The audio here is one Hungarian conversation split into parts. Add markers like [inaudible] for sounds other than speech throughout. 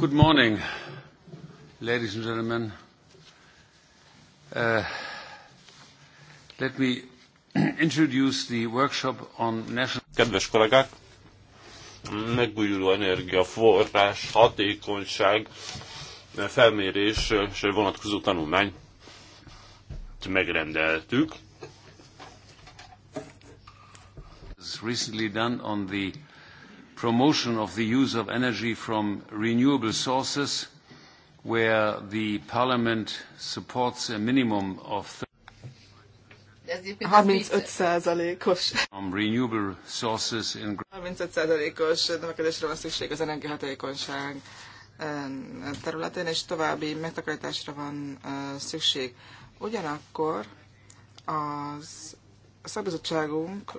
Good morning, ladies and gentlemen. Uh, let me [clears throat] introduce the workshop on national... Kedves kollégák, megújuló energiaforrás, hatékonyság, felmérés és vonatkozó tanulmányt megrendeltük. It's recently done on the promotion of the use of energy from renewable sources, where the Parliament supports a minimum of 35%-os 35%-os növekedésre van szükség az energiahatékonyság területén, és további megtakarításra van szükség. Ugyanakkor az a szakbizottságunk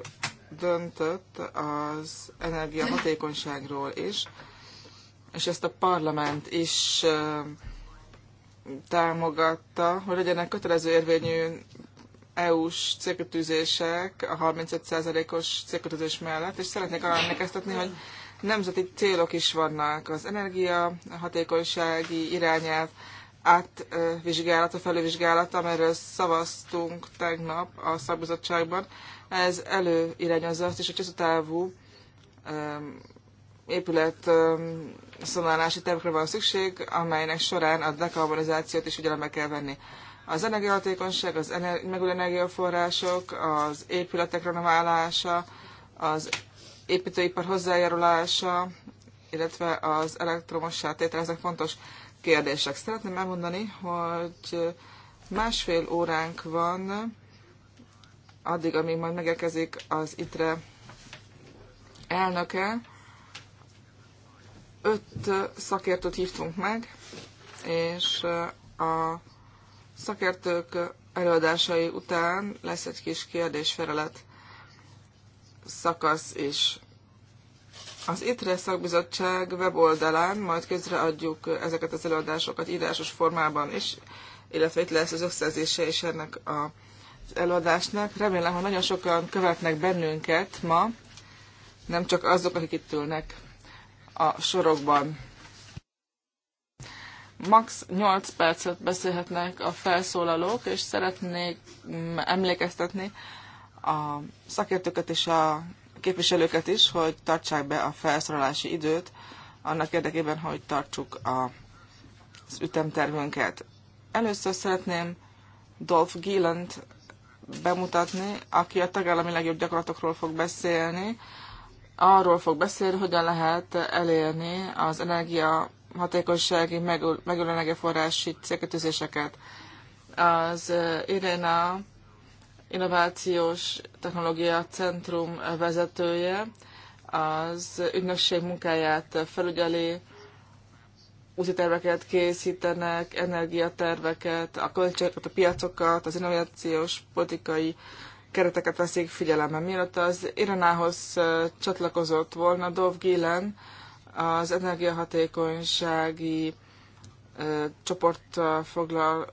döntött az energiahatékonyságról is, és ezt a parlament is támogatta, hogy legyenek kötelező érvényű EU-s célkötőzések a 35%-os célkötőzés mellett, és szeretnék arra emlékeztetni, hogy nemzeti célok is vannak. Az energiahatékonysági irányelv, átvizsgálata, felülvizsgálata, amelyről szavaztunk tegnap a szakbizottságban. Ez előirányozza azt is, hogy hosszú távú épület szonálási tervekre van szükség, amelynek során a dekarbonizációt is figyelembe kell venni. Az energiahatékonyság, az ener- megújuló energiaforrások, az épületek renoválása, az építőipar hozzájárulása, illetve az elektromossá tétel, ezek fontos kérdések. Szeretném elmondani, hogy másfél óránk van, addig, amíg majd megekezik az ITRE elnöke. Öt szakértőt hívtunk meg, és a szakértők előadásai után lesz egy kis kérdésfelelet szakasz is. Az ITRE szakbizottság weboldalán majd közreadjuk ezeket az előadásokat írásos formában is, illetve itt lesz az összezése is ennek az előadásnak. Remélem, hogy nagyon sokan követnek bennünket ma, nem csak azok, akik itt ülnek a sorokban. Max 8 percet beszélhetnek a felszólalók, és szeretnék mm, emlékeztetni a szakértőket és a képviselőket is, hogy tartsák be a felszorolási időt, annak érdekében, hogy tartsuk a, az ütemtervünket. Először szeretném Dolph Gieland bemutatni, aki a tagállami legjobb gyakorlatokról fog beszélni, arról fog beszélni, hogyan lehet elérni az energia hatékonysági megülő energiaforrási célkötőzéseket. Az uh, Irena Innovációs Technológia Centrum vezetője. Az ügynökség munkáját felügyeli, úzi terveket készítenek, energiaterveket, a költségeket, a piacokat, az innovációs politikai kereteket veszik figyelembe. Mielőtt az Iranához csatlakozott volna, Dov Gillen az energiahatékonysági csoport foglal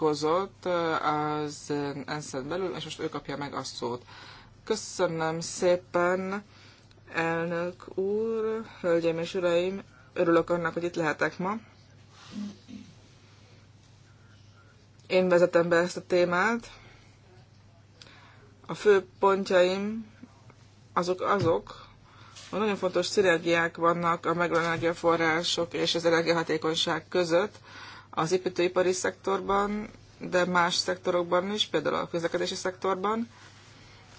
nyilatkozott az ensz belül, és most ő kapja meg a szót. Köszönöm szépen, elnök úr, hölgyeim és uraim, örülök annak, hogy itt lehetek ma. Én vezetem be ezt a témát. A fő pontjaim azok azok, hogy nagyon fontos szinergiák vannak a megvan energiaforrások és az energiahatékonyság között, az építőipari szektorban, de más szektorokban is, például a közlekedési szektorban.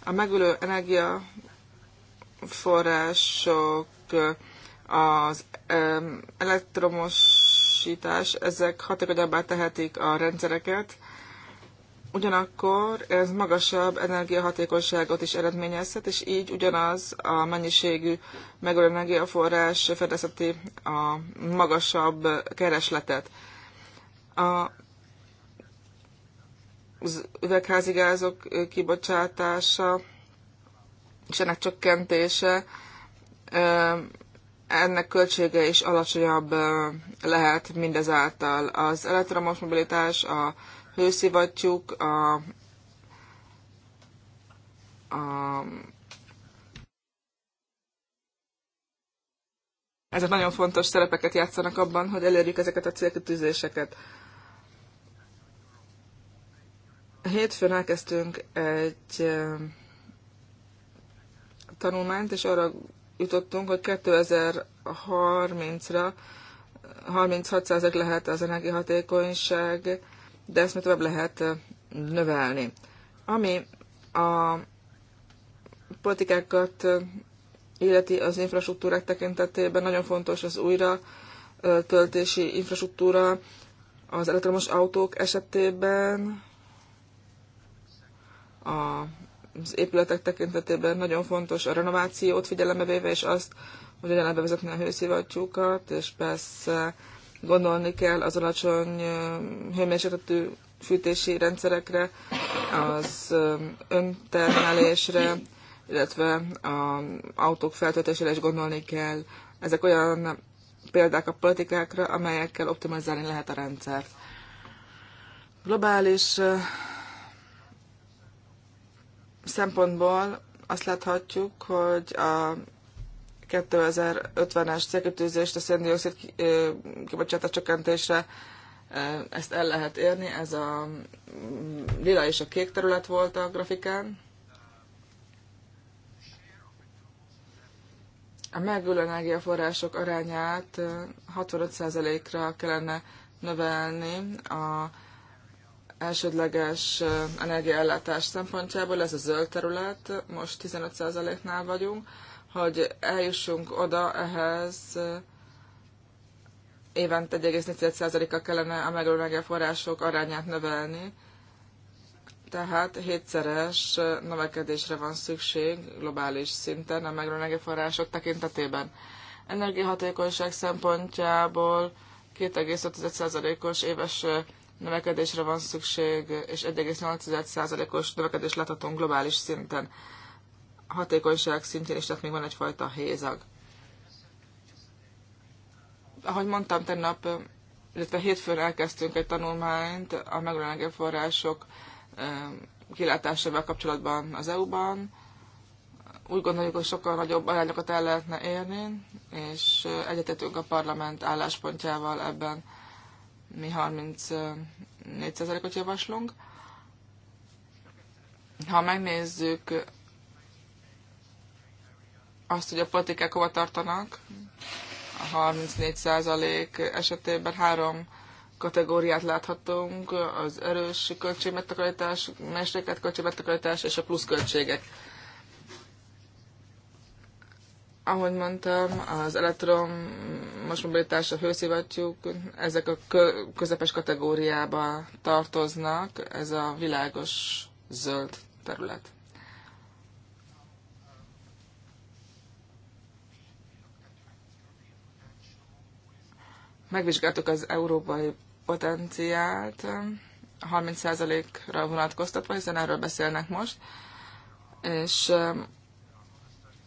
A megülő energiaforrások, az elektromosítás, ezek hatékonyabbá tehetik a rendszereket, Ugyanakkor ez magasabb energiahatékonyságot is eredményezhet, és így ugyanaz a mennyiségű megújuló energiaforrás fedezheti a magasabb keresletet a az gázok kibocsátása és ennek csökkentése, ennek költsége is alacsonyabb lehet mindezáltal. Az elektromos mobilitás, a hőszivattyúk, a, a ezek nagyon fontos szerepeket játszanak abban, hogy elérjük ezeket a célkitűzéseket. Hétfőn elkezdtünk egy eh, tanulmányt, és arra jutottunk, hogy 2030-ra 36% lehet az energiahatékonyság, de ezt még tovább lehet eh, növelni. Ami a politikákat eh, illeti az infrastruktúrák tekintetében nagyon fontos az újra töltési infrastruktúra az elektromos autók esetében, az épületek tekintetében nagyon fontos a renovációt figyelembe véve, és azt, hogy hogyan lehet bevezetni a hőszivattyúkat, és persze gondolni kell az alacsony hőmérsékletű fűtési rendszerekre, az öntermelésre, illetve az autók feltöltésére is gondolni kell. Ezek olyan példák a politikákra, amelyekkel optimalizálni lehet a rendszert. Globális szempontból azt láthatjuk, hogy a 2050-es célkötőzést a széndiokszid kibocsátás csökkentésre ezt el lehet érni. Ez a mm, lila és a kék terület volt a grafikán. A megülő energiaforrások arányát 65%-ra kellene növelni a elsődleges eh, energiaellátás szempontjából, ez a zöld terület, most 15%-nál vagyunk, hogy eljussunk oda ehhez eh, évente 14 a kellene a megújuló források arányát növelni, tehát hétszeres eh, növekedésre van szükség globális szinten a megújuló források tekintetében. Energiahatékonyság szempontjából 2,5%-os éves növekedésre van szükség, és 1,8%-os növekedés láthatunk globális szinten. hatékonyság szintjén is, tehát még van egyfajta hézag. Ahogy mondtam, tegnap, illetve hétfőn elkezdtünk egy tanulmányt a megújuló források kilátásával kapcsolatban az EU-ban. Úgy gondoljuk, hogy sokkal nagyobb arányokat el lehetne érni, és egyetetünk a parlament álláspontjával ebben mi 34%-ot javaslunk. Ha megnézzük azt, hogy a politikák hova tartanak, a 34% esetében három kategóriát láthatunk, az erős költségmegtakarítás, mérsékelt költségmegtakarítás és a plusz költségek ahogy mondtam, az elektromos mobilitás, a hőszivattyúk, ezek a közepes kategóriába tartoznak, ez a világos zöld terület. Megvizsgáltuk az európai potenciált, 30%-ra vonatkoztatva, hiszen erről beszélnek most, és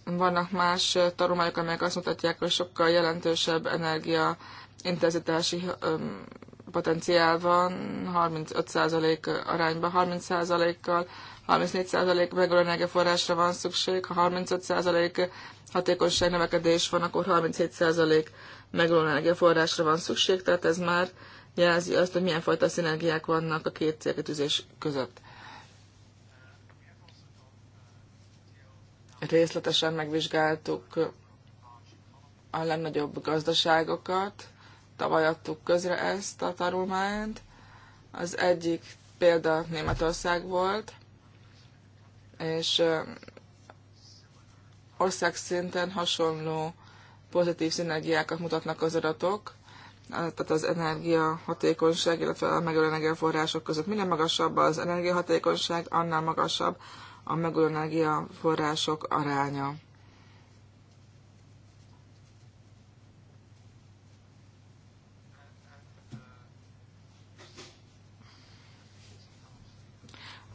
vannak más tanulmányok, amelyek azt mutatják, hogy sokkal jelentősebb energia intenzitási potenciál van, 35% arányban, 30%-kal, 34% megújuló energiaforrásra van szükség, ha 35% hatékonyság növekedés van, akkor 37% megújuló energiaforrásra van szükség, tehát ez már jelzi azt, hogy milyen fajta szinergiák vannak a két célkitűzés között. részletesen megvizsgáltuk a legnagyobb gazdaságokat, tavaly adtuk közre ezt a tanulmányt. Az egyik példa Németország volt, és ország szinten hasonló pozitív szinergiákat mutatnak az adatok, tehát az energiahatékonyság, illetve a megölő energiaforrások között. Minél magasabb az energiahatékonyság, annál magasabb a megújuló energiaforrások aránya.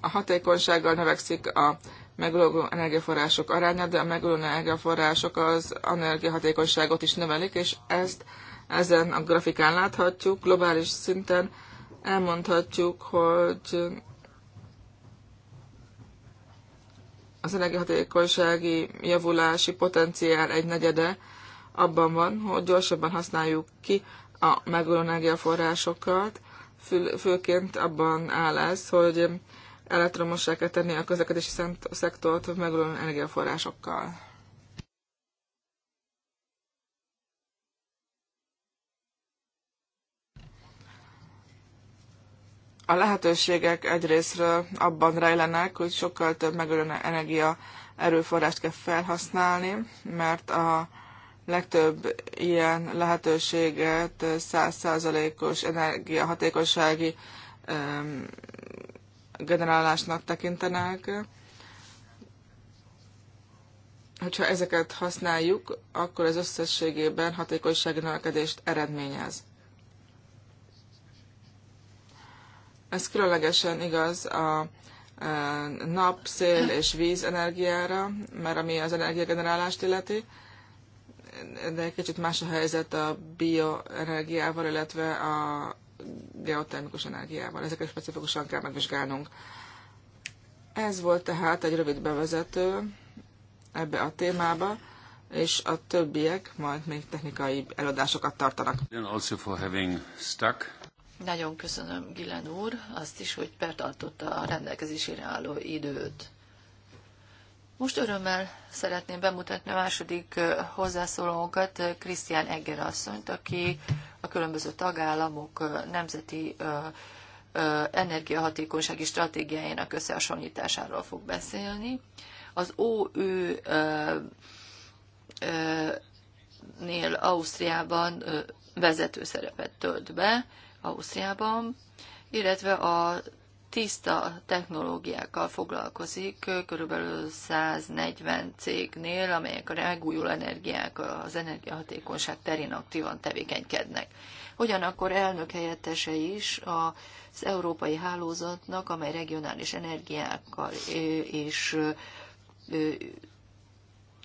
A hatékonysággal növekszik a megújuló energiaforrások aránya, de a megújuló energiaforrások az energiahatékonyságot is növelik, és ezt ezen a grafikán láthatjuk. Globális szinten elmondhatjuk, hogy az energiahatékonysági javulási potenciál egy negyede abban van, hogy gyorsabban használjuk ki a megújuló energiaforrásokat, főként abban áll ez, hogy elektromossá kell tenni a közlekedési szektort megújuló energiaforrásokkal. a lehetőségek egyrésztről abban rejlenek, hogy sokkal több megölő energia erőforrást kell felhasználni, mert a legtöbb ilyen lehetőséget 100%-os energiahatékonysági generálásnak tekintenek. Hogyha ezeket használjuk, akkor ez összességében hatékonysági növekedést eredményez. Ez különlegesen igaz a nap, szél és víz energiára, mert ami az energiagenerálást illeti, de egy kicsit más a helyzet a bioenergiával, illetve a geotermikus energiával. Ezeket specifikusan kell megvizsgálnunk. Ez volt tehát egy rövid bevezető ebbe a témába, és a többiek majd még technikai előadásokat tartanak. Nagyon köszönöm, Gilen úr, azt is, hogy betartotta a rendelkezésére álló időt. Most örömmel szeretném bemutatni a második hozzászólónkat, Krisztián Egger asszonyt, aki a különböző tagállamok nemzeti energiahatékonysági stratégiájának összehasonlításáról fog beszélni. Az OÜ nél Ausztriában vezető szerepet tölt be, Ausztriában, illetve a tiszta technológiákkal foglalkozik körülbelül 140 cégnél, amelyek a megújuló energiák az energiahatékonyság terén aktívan tevékenykednek. Ugyanakkor elnök helyettese is az európai hálózatnak, amely regionális energiákkal és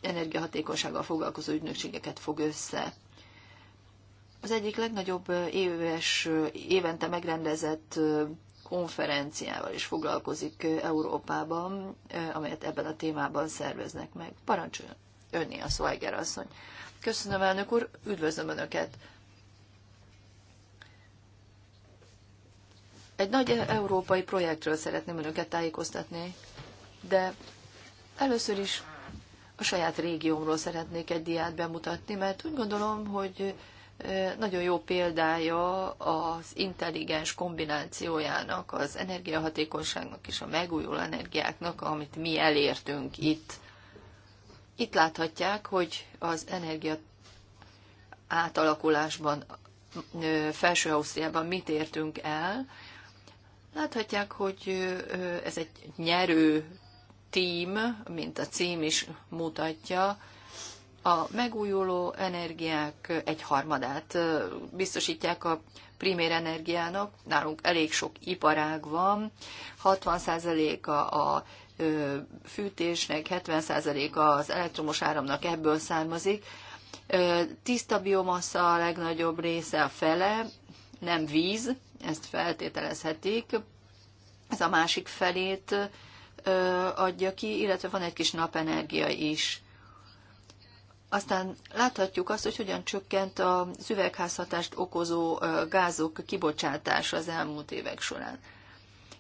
energiahatékonysággal foglalkozó ügynökségeket fog össze az egyik legnagyobb éves, évente megrendezett konferenciával is foglalkozik Európában, amelyet ebben a témában szerveznek meg. Parancsoljon önné a Schweiger asszony. Köszönöm, elnök úr, üdvözlöm Önöket! Egy nagy európai projektről szeretném Önöket tájékoztatni, de először is a saját régiómról szeretnék egy diát bemutatni, mert úgy gondolom, hogy nagyon jó példája az intelligens kombinációjának, az energiahatékonyságnak és a megújuló energiáknak, amit mi elértünk itt. Itt láthatják, hogy az energia átalakulásban felső Ausztriában mit értünk el. Láthatják, hogy ez egy nyerő tím, mint a cím is mutatja, a megújuló energiák egy harmadát biztosítják a primér energiának. Nálunk elég sok iparág van, 60%-a a fűtésnek, 70%-a az elektromos áramnak ebből származik. Tiszta biomassa a legnagyobb része, a fele, nem víz, ezt feltételezhetik. Ez a másik felét adja ki, illetve van egy kis napenergia is aztán láthatjuk azt, hogy hogyan csökkent a üvegházhatást okozó gázok kibocsátása az elmúlt évek során.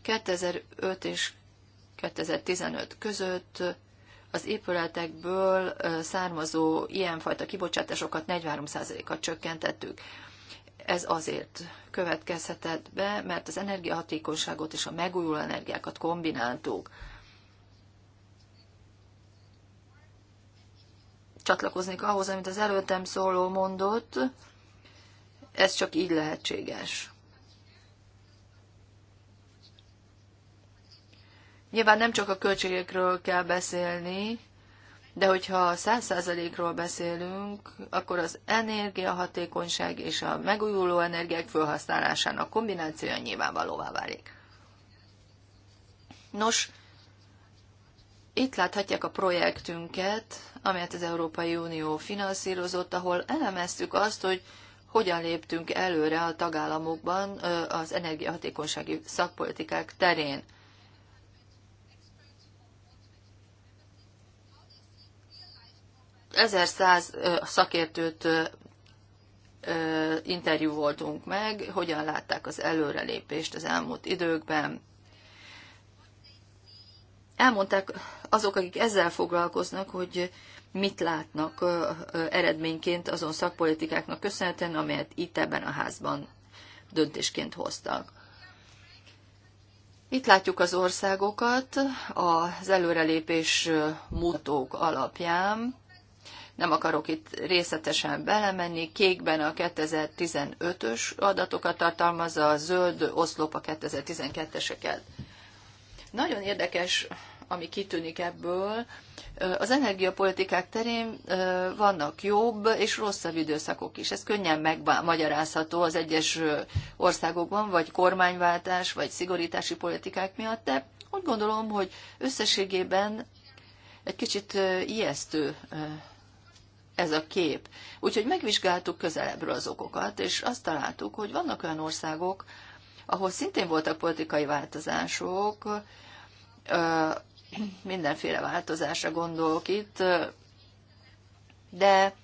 2005 és 2015 között az épületekből származó ilyenfajta kibocsátásokat 43%-kal csökkentettük. Ez azért következhetett be, mert az energiahatékonyságot és a megújuló energiákat kombináltuk. csatlakoznék ahhoz, amit az előttem szóló mondott. Ez csak így lehetséges. Nyilván nem csak a költségekről kell beszélni, de hogyha 100%-ról beszélünk, akkor az energiahatékonyság és a megújuló energiák felhasználásának kombinációja nyilvánvalóvá válik. Nos, itt láthatják a projektünket, amelyet az Európai Unió finanszírozott, ahol elemeztük azt, hogy hogyan léptünk előre a tagállamokban az energiahatékonysági szakpolitikák terén. Ezer száz szakértőt interjú voltunk meg, hogyan látták az előrelépést az elmúlt időkben elmondták azok, akik ezzel foglalkoznak, hogy mit látnak eredményként azon szakpolitikáknak köszönhetően, amelyet itt ebben a házban döntésként hoztak. Itt látjuk az országokat az előrelépés mutók alapján. Nem akarok itt részletesen belemenni. Kékben a 2015-ös adatokat tartalmazza, a zöld oszlop a 2012-eseket. Nagyon érdekes, ami kitűnik ebből. Az energiapolitikák terén vannak jobb és rosszabb időszakok is. Ez könnyen megmagyarázható az egyes országokban, vagy kormányváltás, vagy szigorítási politikák miatt, de úgy gondolom, hogy összességében egy kicsit ijesztő ez a kép. Úgyhogy megvizsgáltuk közelebbről az okokat, és azt találtuk, hogy vannak olyan országok, ahol szintén voltak politikai változások, mindenféle változásra gondolok itt, de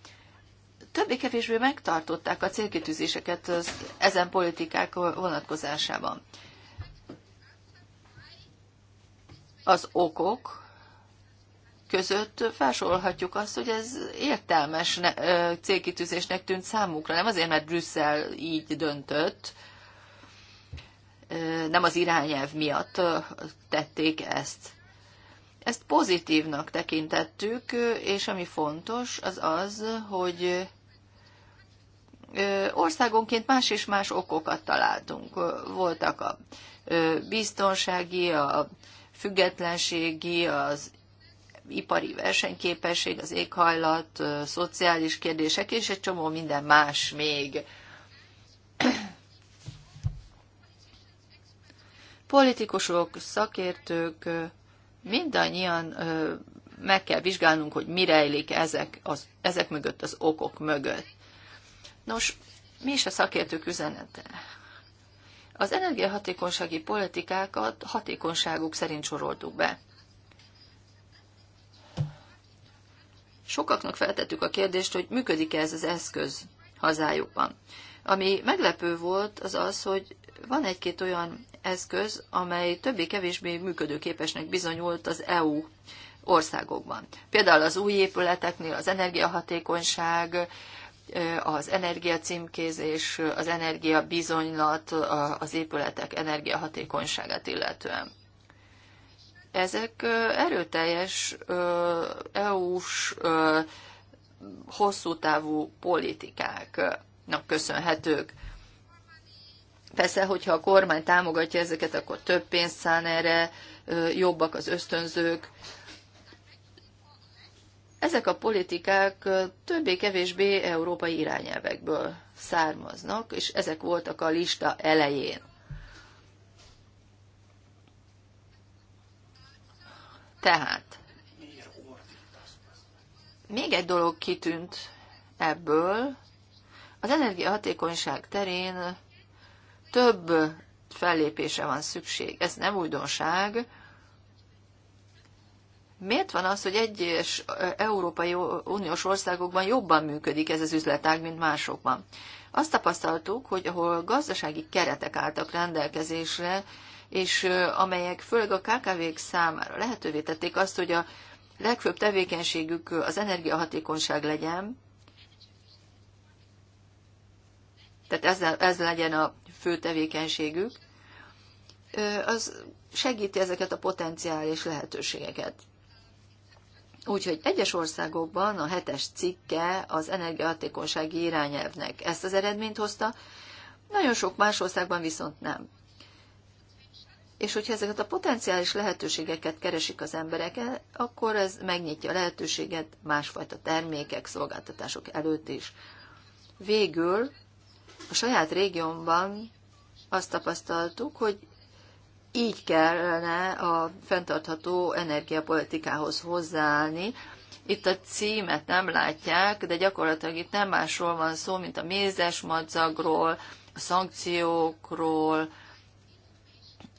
többé-kevésbé megtartották a célkitűzéseket ezen politikák vonatkozásában. Az okok között felsorolhatjuk azt, hogy ez értelmes célkitűzésnek tűnt számukra, nem azért, mert Brüsszel így döntött, nem az irányelv miatt tették ezt. Ezt pozitívnak tekintettük, és ami fontos, az az, hogy országonként más és más okokat találtunk. Voltak a biztonsági, a függetlenségi, az ipari versenyképesség, az éghajlat, szociális kérdések és egy csomó minden más még. politikusok, szakértők, mindannyian meg kell vizsgálnunk, hogy mi rejlik ezek, az, ezek mögött, az okok mögött. Nos, mi is a szakértők üzenete? Az energiahatékonysági politikákat hatékonyságuk szerint soroltuk be. Sokaknak feltettük a kérdést, hogy működik-e ez az eszköz hazájukban. Ami meglepő volt, az az, hogy van egy-két olyan eszköz, amely többé-kevésbé működőképesnek bizonyult az EU országokban. Például az új épületeknél az energiahatékonyság, az energiacímkézés, az energiabizonylat, az épületek energiahatékonyságát illetően. Ezek erőteljes EU-s hosszú távú politikáknak köszönhetők. Persze, hogyha a kormány támogatja ezeket, akkor több pénzt szán erre, jobbak az ösztönzők. Ezek a politikák többé-kevésbé európai irányelvekből származnak, és ezek voltak a lista elején. Tehát, még egy dolog kitűnt ebből, az energiahatékonyság terén több fellépése van szükség. Ez nem újdonság. Miért van az, hogy egyes Európai Uniós országokban jobban működik ez az üzletág, mint másokban? Azt tapasztaltuk, hogy ahol gazdasági keretek álltak rendelkezésre, és amelyek főleg a KKV-k számára lehetővé tették azt, hogy a legfőbb tevékenységük az energiahatékonyság legyen, tehát ez, ez legyen a fő tevékenységük, az segíti ezeket a potenciális lehetőségeket. Úgyhogy egyes országokban a hetes cikke az energiahatékonysági irányelvnek ezt az eredményt hozta, nagyon sok más országban viszont nem. És hogyha ezeket a potenciális lehetőségeket keresik az emberek, e, akkor ez megnyitja a lehetőséget másfajta termékek, szolgáltatások előtt is. Végül a saját régiónban azt tapasztaltuk, hogy így kellene a fenntartható energiapolitikához hozzáállni. Itt a címet nem látják, de gyakorlatilag itt nem másról van szó, mint a mézes madzagról, a szankciókról,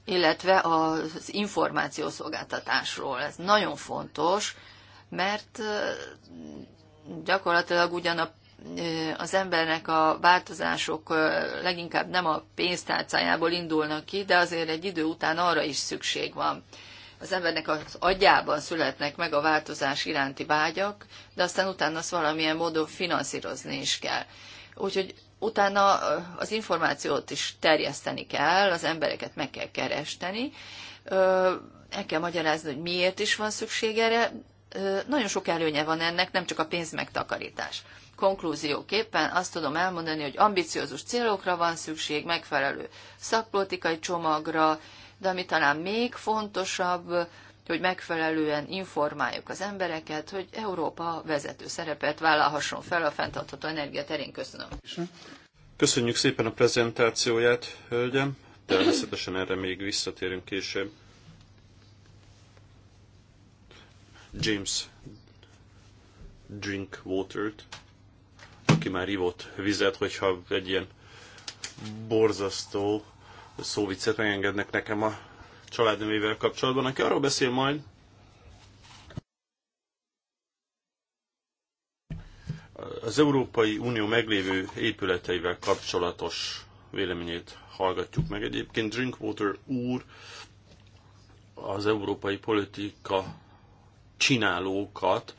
illetve az információszolgáltatásról. Ez nagyon fontos, mert gyakorlatilag ugyan a az embernek a változások leginkább nem a pénztárcájából indulnak ki, de azért egy idő után arra is szükség van. Az embernek az agyában születnek meg a változás iránti vágyak, de aztán utána azt valamilyen módon finanszírozni is kell. Úgyhogy utána az információt is terjeszteni kell, az embereket meg kell keresteni, el kell magyarázni, hogy miért is van szükség erre. Nagyon sok előnye van ennek, nem csak a pénz megtakarítás. Konklúzióképpen azt tudom elmondani, hogy ambiciózus célokra van szükség, megfelelő szakpolitikai csomagra, de ami talán még fontosabb, hogy megfelelően informáljuk az embereket, hogy Európa vezető szerepet vállalhasson fel a fenntartható energia terén. Köszönöm. Köszönjük szépen a prezentációját, hölgyem. Természetesen erre még visszatérünk később. James drink water aki már ivott vizet, hogyha egy ilyen borzasztó szóviccet megengednek nekem a családnővével kapcsolatban, aki arról beszél majd, az Európai Unió meglévő épületeivel kapcsolatos véleményét hallgatjuk meg. Egyébként Drinkwater úr az európai politika csinálókat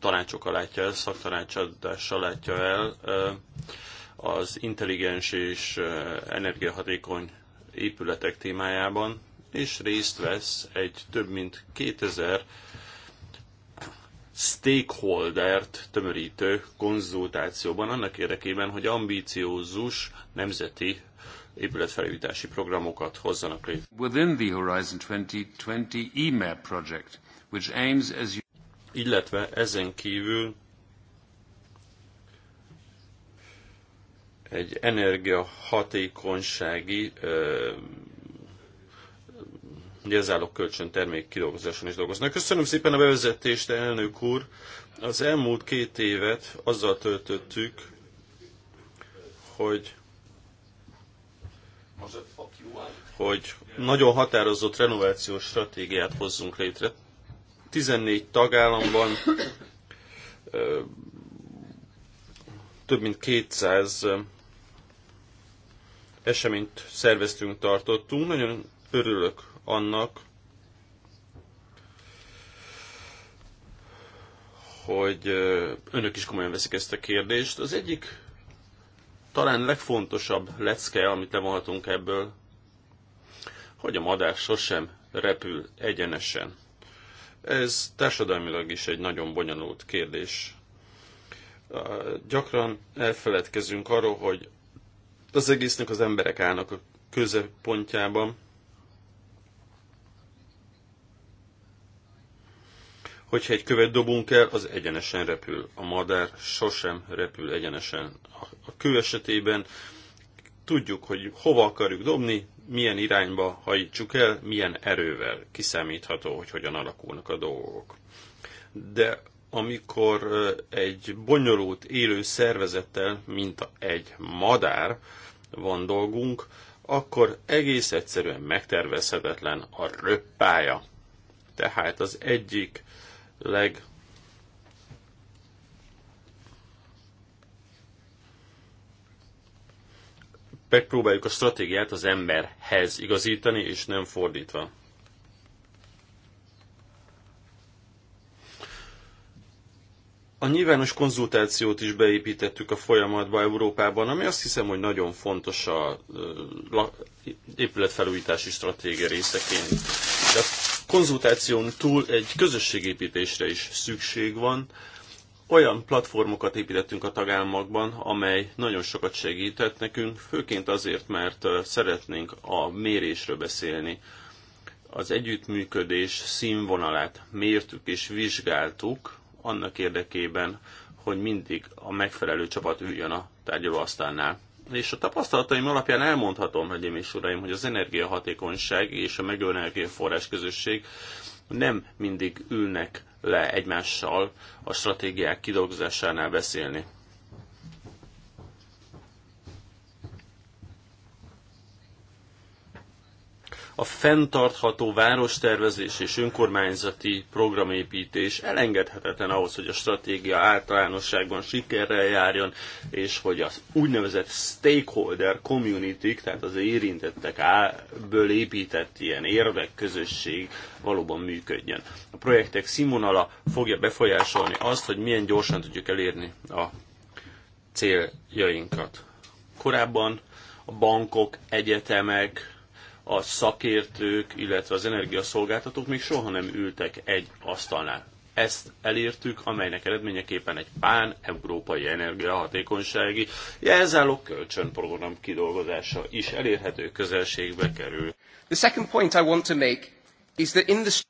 tanácsokkal látja el, szaktanácsadással látja el az intelligens és energiahatékony épületek témájában, és részt vesz egy több mint 2000 stakeholdert tömörítő konzultációban annak érdekében, hogy ambíciózus nemzeti épületfelújítási programokat hozzanak létre. Within the Horizon 2020 EMAP project, which aims as illetve ezen kívül egy energiahatékonysági jelzálók kölcsön termék kidolgozáson is dolgoznak. Köszönöm szépen a bevezetést, elnök úr! Az elmúlt két évet azzal töltöttük, hogy hogy nagyon határozott renovációs stratégiát hozzunk létre. 14 tagállamban több mint 200 eseményt szerveztünk, tartottunk. Nagyon örülök annak, hogy önök is komolyan veszik ezt a kérdést. Az egyik talán legfontosabb lecke, amit levonhatunk ebből, hogy a madár sosem repül egyenesen. Ez társadalmilag is egy nagyon bonyolult kérdés. Gyakran elfeledkezünk arról, hogy az egésznek az emberek állnak a középpontjában, hogyha egy követ dobunk el, az egyenesen repül. A madár sosem repül egyenesen. A kő esetében tudjuk, hogy hova akarjuk dobni, milyen irányba hajítsuk el, milyen erővel kiszámítható, hogy hogyan alakulnak a dolgok. De amikor egy bonyolult élő szervezettel, mint egy madár van dolgunk, akkor egész egyszerűen megtervezhetetlen a röppája. Tehát az egyik leg megpróbáljuk a stratégiát az emberhez igazítani, és nem fordítva. A nyilvános konzultációt is beépítettük a folyamatba Európában, ami azt hiszem, hogy nagyon fontos a épületfelújítási stratégia részeként. De a konzultáción túl egy közösségépítésre is szükség van, olyan platformokat építettünk a tagállamokban, amely nagyon sokat segített nekünk, főként azért, mert szeretnénk a mérésről beszélni. Az együttműködés színvonalát mértük és vizsgáltuk annak érdekében, hogy mindig a megfelelő csapat üljön a tárgyalóasztalnál. És a tapasztalataim alapján elmondhatom, hölgyeim és uraim, hogy az energiahatékonyság és a megőrnelgő forrás közösség nem mindig ülnek le egymással a stratégiák kidolgozásánál beszélni. a fenntartható várostervezés és önkormányzati programépítés elengedhetetlen ahhoz, hogy a stratégia általánosságban sikerrel járjon, és hogy az úgynevezett stakeholder community, tehát az érintettek ből épített ilyen érvek közösség valóban működjön. A projektek színvonala fogja befolyásolni azt, hogy milyen gyorsan tudjuk elérni a céljainkat. Korábban a bankok, egyetemek, a szakértők, illetve az energiaszolgáltatók még soha nem ültek egy asztalnál. Ezt elértük, amelynek eredményeképpen egy pán-európai energiahatékonysági jelzáló kölcsönprogram kidolgozása is elérhető közelségbe kerül. The second point I want to make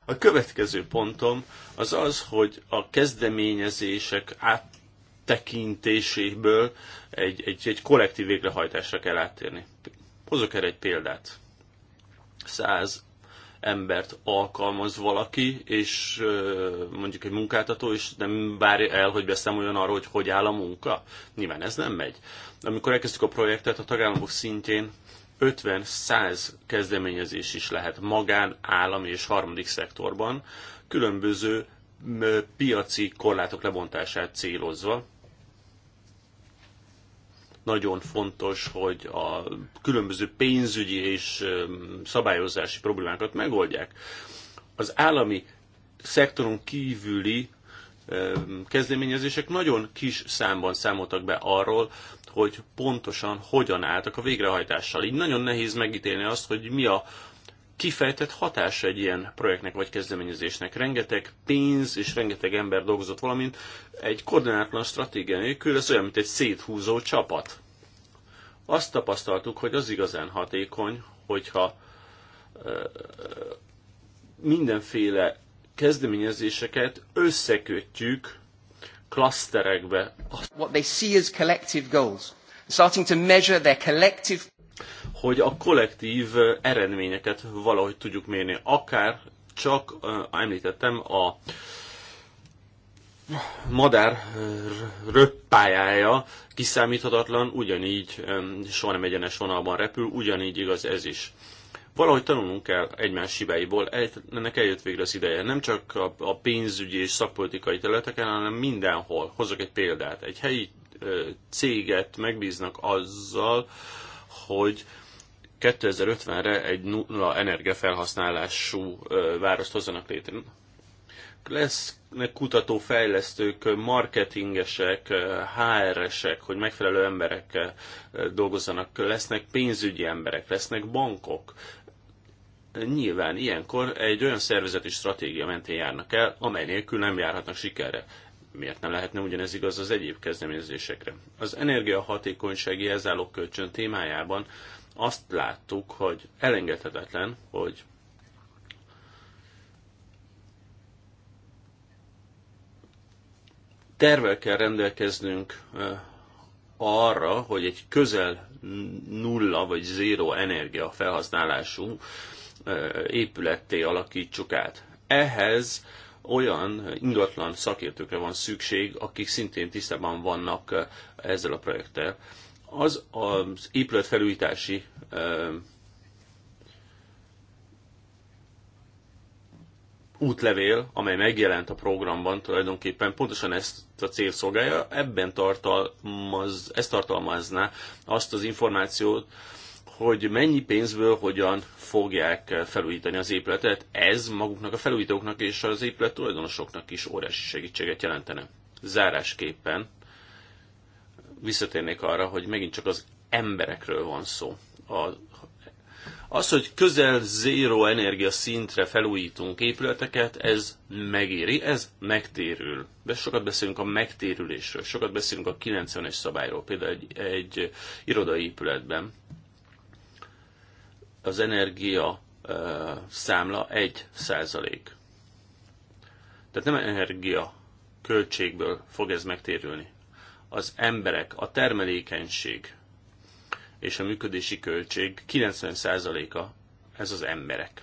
a következő pontom az az, hogy a kezdeményezések áttekintéséből egy, egy, egy kollektív végrehajtásra kell áttérni. Hozok erre egy példát száz embert alkalmaz valaki, és mondjuk egy munkáltató, és nem várja el, hogy beszámoljon arról, hogy hogy áll a munka. Nyilván ez nem megy. Amikor elkezdtük a projektet, a tagállamok szintjén 50-100 kezdeményezés is lehet magán, állami és harmadik szektorban, különböző piaci korlátok lebontását célozva, nagyon fontos, hogy a különböző pénzügyi és szabályozási problémákat megoldják. Az állami szektoron kívüli kezdeményezések nagyon kis számban számoltak be arról, hogy pontosan hogyan álltak a végrehajtással. Így nagyon nehéz megítélni azt, hogy mi a kifejtett hatás egy ilyen projektnek vagy kezdeményezésnek. Rengeteg pénz és rengeteg ember dolgozott valamint. Egy koordinátlan stratégia nélkül ez olyan, mint egy széthúzó csapat. Azt tapasztaltuk, hogy az igazán hatékony, hogyha mindenféle kezdeményezéseket összekötjük klaszterekbe. What they see as collective goals. Starting to measure their collective hogy a kollektív eredményeket valahogy tudjuk mérni. Akár csak, említettem, a madár röppájája kiszámíthatatlan, ugyanígy soha nem egyenes vonalban repül, ugyanígy igaz ez is. Valahogy tanulnunk kell egymás hibáiból, ennek eljött végre az ideje. Nem csak a pénzügyi és szakpolitikai területeken, hanem mindenhol. Hozok egy példát. Egy helyi céget megbíznak azzal, hogy 2050-re egy nulla energiafelhasználású várost hozzanak létre. Lesznek kutató, fejlesztők, marketingesek, HR-esek, hogy megfelelő emberek dolgozzanak, lesznek pénzügyi emberek, lesznek bankok. Nyilván ilyenkor egy olyan szervezeti stratégia mentén járnak el, amely nélkül nem járhatnak sikerre miért ne lehetne ugyanez igaz az egyéb kezdeményezésekre? Az energiahatékonysági elzállók kölcsön témájában azt láttuk, hogy elengedhetetlen, hogy tervel kell rendelkeznünk arra, hogy egy közel nulla vagy zéro energia felhasználású épületté alakítsuk át. Ehhez olyan ingatlan szakértőkre van szükség, akik szintén tisztában vannak eh, ezzel a projekttel. Az az épületfelújítási eh, útlevél, amely megjelent a programban tulajdonképpen pontosan ezt a cél szolgálja, ebben tartalmaz, ezt tartalmazná azt az információt, hogy mennyi pénzből hogyan fogják felújítani az épületet, ez maguknak a felújítóknak és az épület tulajdonosoknak is óriási segítséget jelentene. Zárásképpen visszatérnék arra, hogy megint csak az emberekről van szó. A, az, hogy közel zéro energia szintre felújítunk épületeket, ez megéri, ez megtérül. De sokat beszélünk a megtérülésről, sokat beszélünk a 90-es szabályról, például egy, egy irodai épületben az energia számla 1 százalék. Tehát nem energia költségből fog ez megtérülni. Az emberek, a termelékenység és a működési költség 90%-a ez az emberek.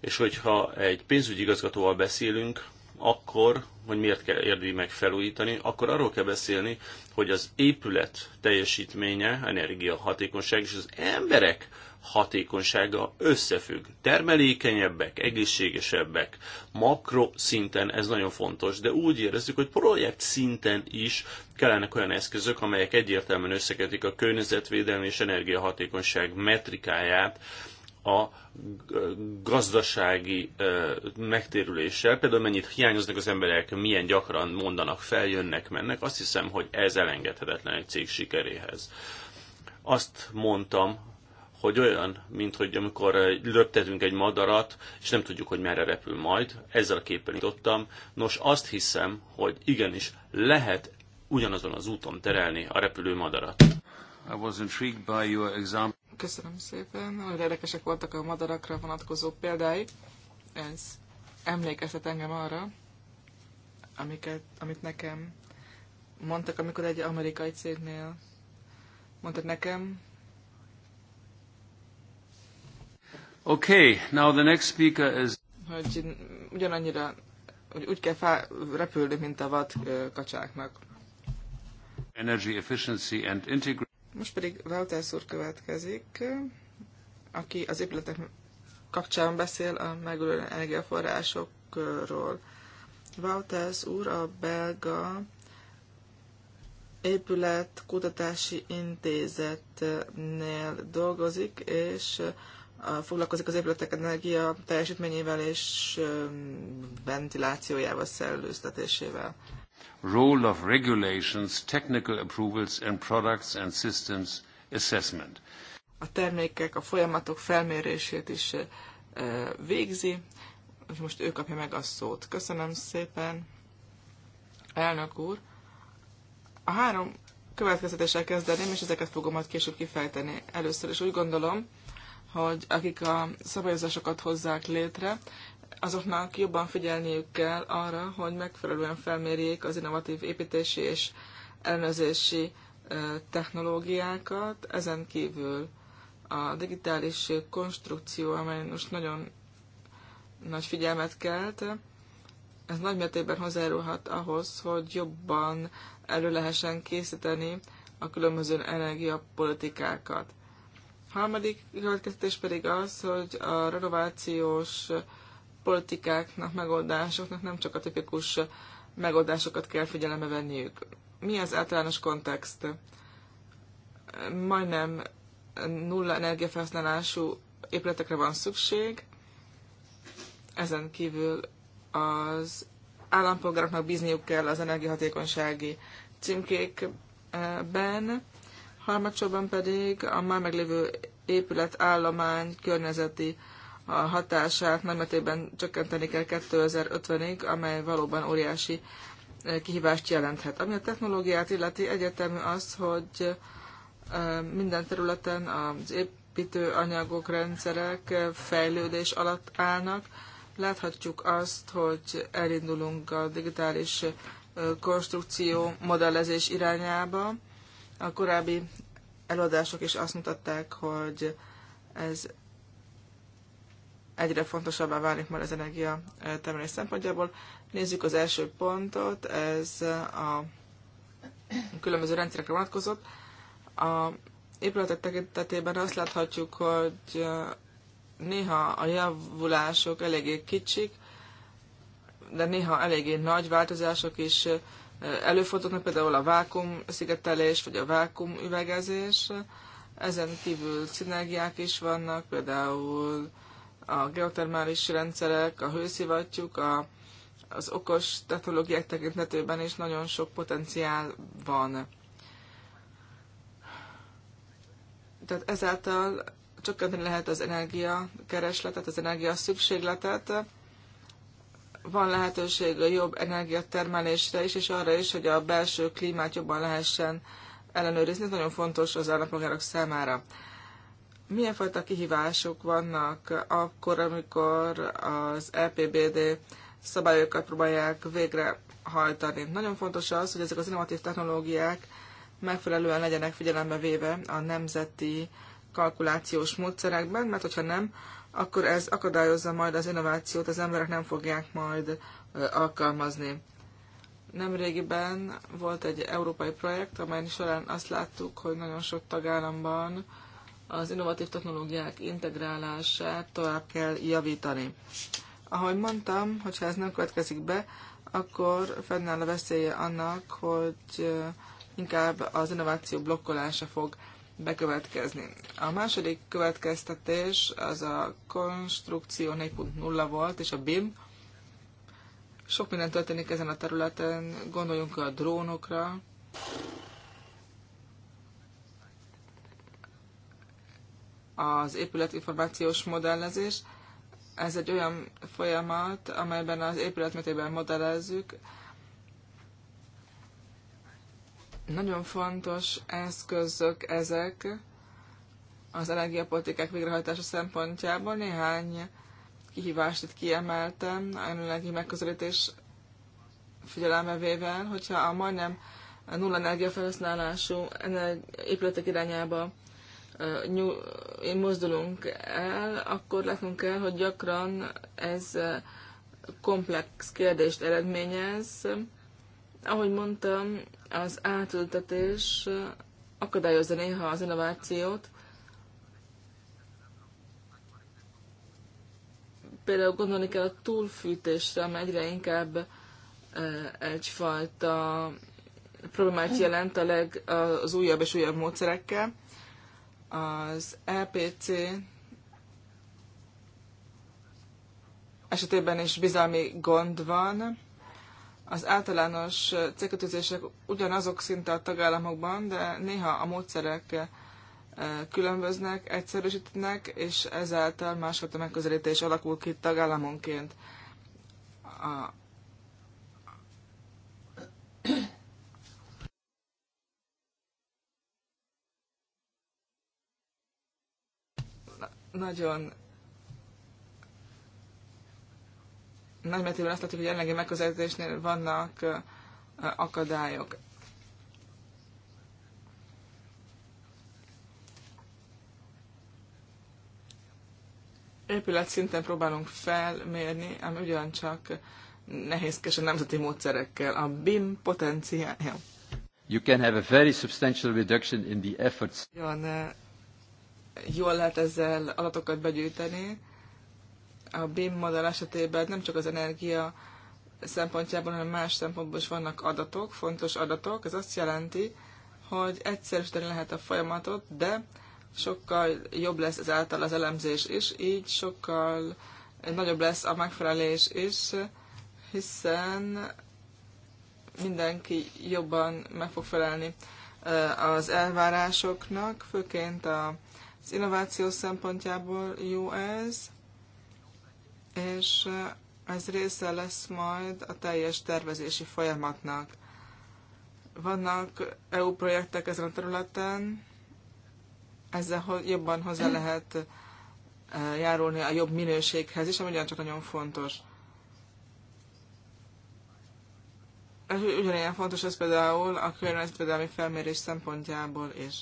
És hogyha egy pénzügyi igazgatóval beszélünk, akkor, hogy miért kell érdemi meg felújítani, akkor arról kell beszélni, hogy az épület teljesítménye, energiahatékonyság és az emberek hatékonysága összefügg. Termelékenyebbek, egészségesebbek, makro szinten ez nagyon fontos, de úgy érezzük, hogy projekt szinten is kellenek olyan eszközök, amelyek egyértelműen összekötik a környezetvédelmi és energiahatékonyság metrikáját a gazdasági megtérüléssel, például mennyit hiányoznak az emberek, milyen gyakran mondanak fel, jönnek, mennek, azt hiszem, hogy ez elengedhetetlen egy cég sikeréhez. Azt mondtam, hogy olyan, mint hogy amikor löptetünk egy madarat, és nem tudjuk, hogy merre repül majd, ezzel a képen nyitottam. Nos, azt hiszem, hogy igenis lehet ugyanazon az úton terelni a repülő madarat. I was intrigued by your example. Köszönöm szépen. Nagyon érdekesek voltak a madarakra vonatkozó példái. Ez emlékeztet engem arra, amiket, amit nekem mondtak, amikor egy amerikai cégnél mondtak nekem. Okay, now the next speaker is... Hogy ugyanannyira, hogy úgy kell fel, repülni, mint a vad kacsáknak. Energy efficiency and integration. Most pedig Reuters úr következik, aki az épületek kapcsán beszél a megújuló energiaforrásokról. Reuters úr a belga épület kutatási intézetnél dolgozik, és foglalkozik az épületek energia teljesítményével és ventilációjával, szellőztetésével role of regulations, technical approvals and products and systems assessment. A termékek, a folyamatok felmérését is végzi, és most ő kapja meg a szót. Köszönöm szépen, elnök úr. A három következetéssel kezdeném, és ezeket fogom majd később kifejteni. Először is úgy gondolom, hogy akik a szabályozásokat hozzák létre, azoknak jobban figyelniük kell arra, hogy megfelelően felmérjék az innovatív építési és ellenőrzési technológiákat, ezen kívül a digitális konstrukció, amely most nagyon nagy figyelmet kelt, ez nagy mértékben hozzájárulhat ahhoz, hogy jobban elő lehessen készíteni a különböző energiapolitikákat. Harmadik következtetés pedig az, hogy a renovációs politikáknak, megoldásoknak nem csak a tipikus megoldásokat kell figyelembe venniük. Mi az általános kontext? Majdnem nulla energiafelhasználású épületekre van szükség, ezen kívül az állampolgároknak bízniuk kell az energiahatékonysági címkékben, harmadsorban pedig a már meglévő épület, állomány, környezeti a hatását nemetében csökkenteni kell 2050-ig, amely valóban óriási eh, kihívást jelenthet. Ami a technológiát illeti, egyetemű az, hogy eh, minden területen az építőanyagok, rendszerek eh, fejlődés alatt állnak. Láthatjuk azt, hogy elindulunk a digitális konstrukció modellezés irányába. A korábbi előadások is azt mutatták, hogy ez egyre fontosabbá válik már az energia termelés szempontjából. Nézzük az első pontot, ez a különböző rendszerekre vonatkozott. A épületek tekintetében azt láthatjuk, hogy néha a javulások eléggé kicsik, de néha eléggé nagy változások is előfordulnak, például a vákum szigetelés, vagy a vákum üvegezés. Ezen kívül szinergiák is vannak, például a geotermális rendszerek, a hőszivattyúk, a, az okos technológiák tekintetében is nagyon sok potenciál van. Tehát ezáltal csökkenteni lehet az energiakeresletet, az energia szükségletet. Van lehetőség a jobb energiatermelésre is, és arra is, hogy a belső klímát jobban lehessen ellenőrizni. Ez nagyon fontos az állampolgárok számára milyen fajta kihívások vannak akkor, amikor az LPBD e szabályokat próbálják végrehajtani. Nagyon fontos az, hogy ezek az innovatív technológiák megfelelően legyenek figyelembe véve a nemzeti kalkulációs módszerekben, mert hogyha nem, akkor ez akadályozza majd az innovációt, az emberek nem fogják majd alkalmazni. Nemrégiben volt egy európai projekt, amely során azt láttuk, hogy nagyon sok tagállamban az innovatív technológiák integrálását tovább kell javítani. Ahogy mondtam, hogyha ez nem következik be, akkor fennáll a veszélye annak, hogy inkább az innováció blokkolása fog bekövetkezni. A második következtetés az a konstrukció 4.0 volt, és a BIM. Sok minden történik ezen a területen, gondoljunk a drónokra, az épületinformációs modellezés. Ez egy olyan folyamat, amelyben az épület mértékben modellezzük. Nagyon fontos eszközök ezek az energiapolitikák végrehajtása szempontjából. Néhány kihívást itt kiemeltem a jelenlegi megközelítés figyelembe véve, hogyha a majdnem nulla energiafelhasználású épületek irányába nyúl, mozdulunk el, akkor látnunk kell, hogy gyakran ez komplex kérdést eredményez. Ahogy mondtam, az átültetés akadályozza néha az innovációt. Például gondolni kell a túlfűtésre, amely egyre inkább egyfajta problémát jelent a leg, az újabb és újabb módszerekkel az LPC e esetében is bizalmi gond van. Az általános célkötőzések ugyanazok szinte a tagállamokban, de néha a módszerek eh, különböznek, egyszerűsítnek és ezáltal másfajta megközelítés alakul ki tagállamonként. A nagyon nagy mértékben azt látjuk, hogy jelenlegi megközelítésnél vannak akadályok. Épület szinten próbálunk felmérni, ami ugyancsak nehézkes a nemzeti módszerekkel. A BIM potenciája. You can have a very substantial reduction in the efforts. Olyan jól lehet ezzel adatokat begyűjteni. A BIM modell esetében nem csak az energia szempontjából, hanem más szempontból is vannak adatok, fontos adatok. Ez azt jelenti, hogy egyszerűsíteni lehet a folyamatot, de sokkal jobb lesz ezáltal az elemzés is, így sokkal nagyobb lesz a megfelelés is, hiszen mindenki jobban meg fog felelni az elvárásoknak, főként a az innováció szempontjából jó ez, és ez része lesz majd a teljes tervezési folyamatnak. Vannak EU projektek ezen a területen, ezzel jobban hozzá lehet eh, járulni a jobb minőséghez is, ami ugyancsak nagyon fontos. ugyanilyen fontos ez például a környezetvédelmi felmérés szempontjából is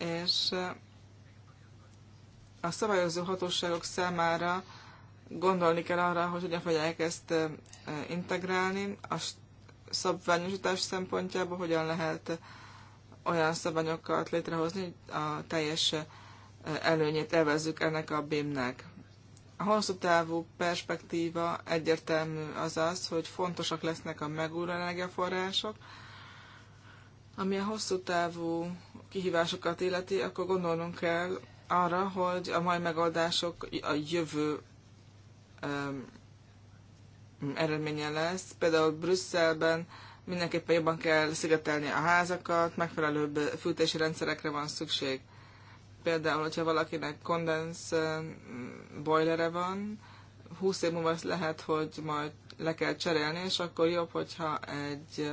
és a szabályozó hatóságok számára gondolni kell arra, hogy hogyan fogják ezt integrálni, a szabványosítás szempontjából hogyan lehet olyan szabványokat létrehozni, hogy a teljes előnyét elvezzük ennek a BIM-nek. A hosszú távú perspektíva egyértelmű az az, hogy fontosak lesznek a megújuló energiaforrások, források, ami a hosszú távú kihívásokat illeti, akkor gondolnunk kell arra, hogy a mai megoldások a jövő um, eredménye lesz. Például Brüsszelben mindenképpen jobban kell szigetelni a házakat, megfelelőbb fűtési rendszerekre van szükség. Például, hogyha valakinek kondens bojlere van, 20 év múlva lehet, hogy majd le kell cserélni, és akkor jobb, hogyha egy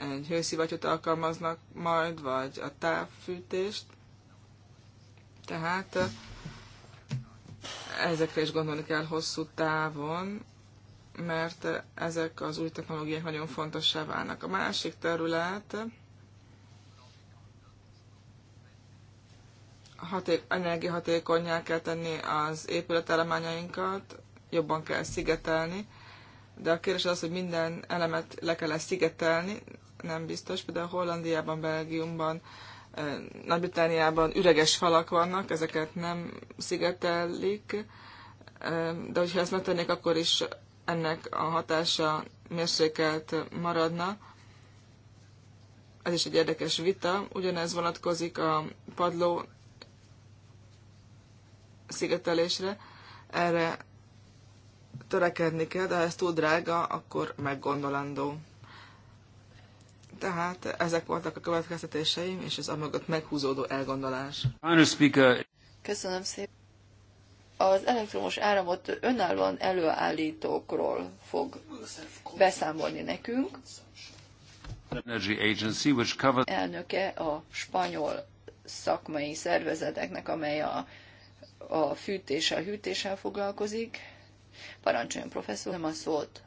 egy hőszivattyút alkalmaznak majd, vagy a távfűtést. Tehát eh, ezekre is gondolni kell hosszú távon, mert eh, ezek az új technológiák nagyon fontossá válnak. A másik terület haték, energiahatékonyá kell tenni az épületelemányainkat, jobban kell szigetelni, de a kérdés az, hogy minden elemet le kell szigetelni, nem biztos, például Hollandiában, Belgiumban, eh, Nagy-Britániában üreges falak vannak, ezeket nem szigetelik, eh, de hogyha ezt megtennék, akkor is ennek a hatása mérsékelt maradna. Ez is egy érdekes vita. Ugyanez vonatkozik a padló szigetelésre. Erre törekedni kell, de ha ez túl drága, akkor meggondolandó. Tehát ezek voltak a következtetéseim, és ez amögött meghúzódó elgondolás. Köszönöm szépen. Az elektromos áramot önállóan előállítókról fog beszámolni nekünk. Elnöke a spanyol szakmai szervezeteknek, amely a, a fűtéssel, hűtéssel foglalkozik. Parancsoljon professzor, nem a szót.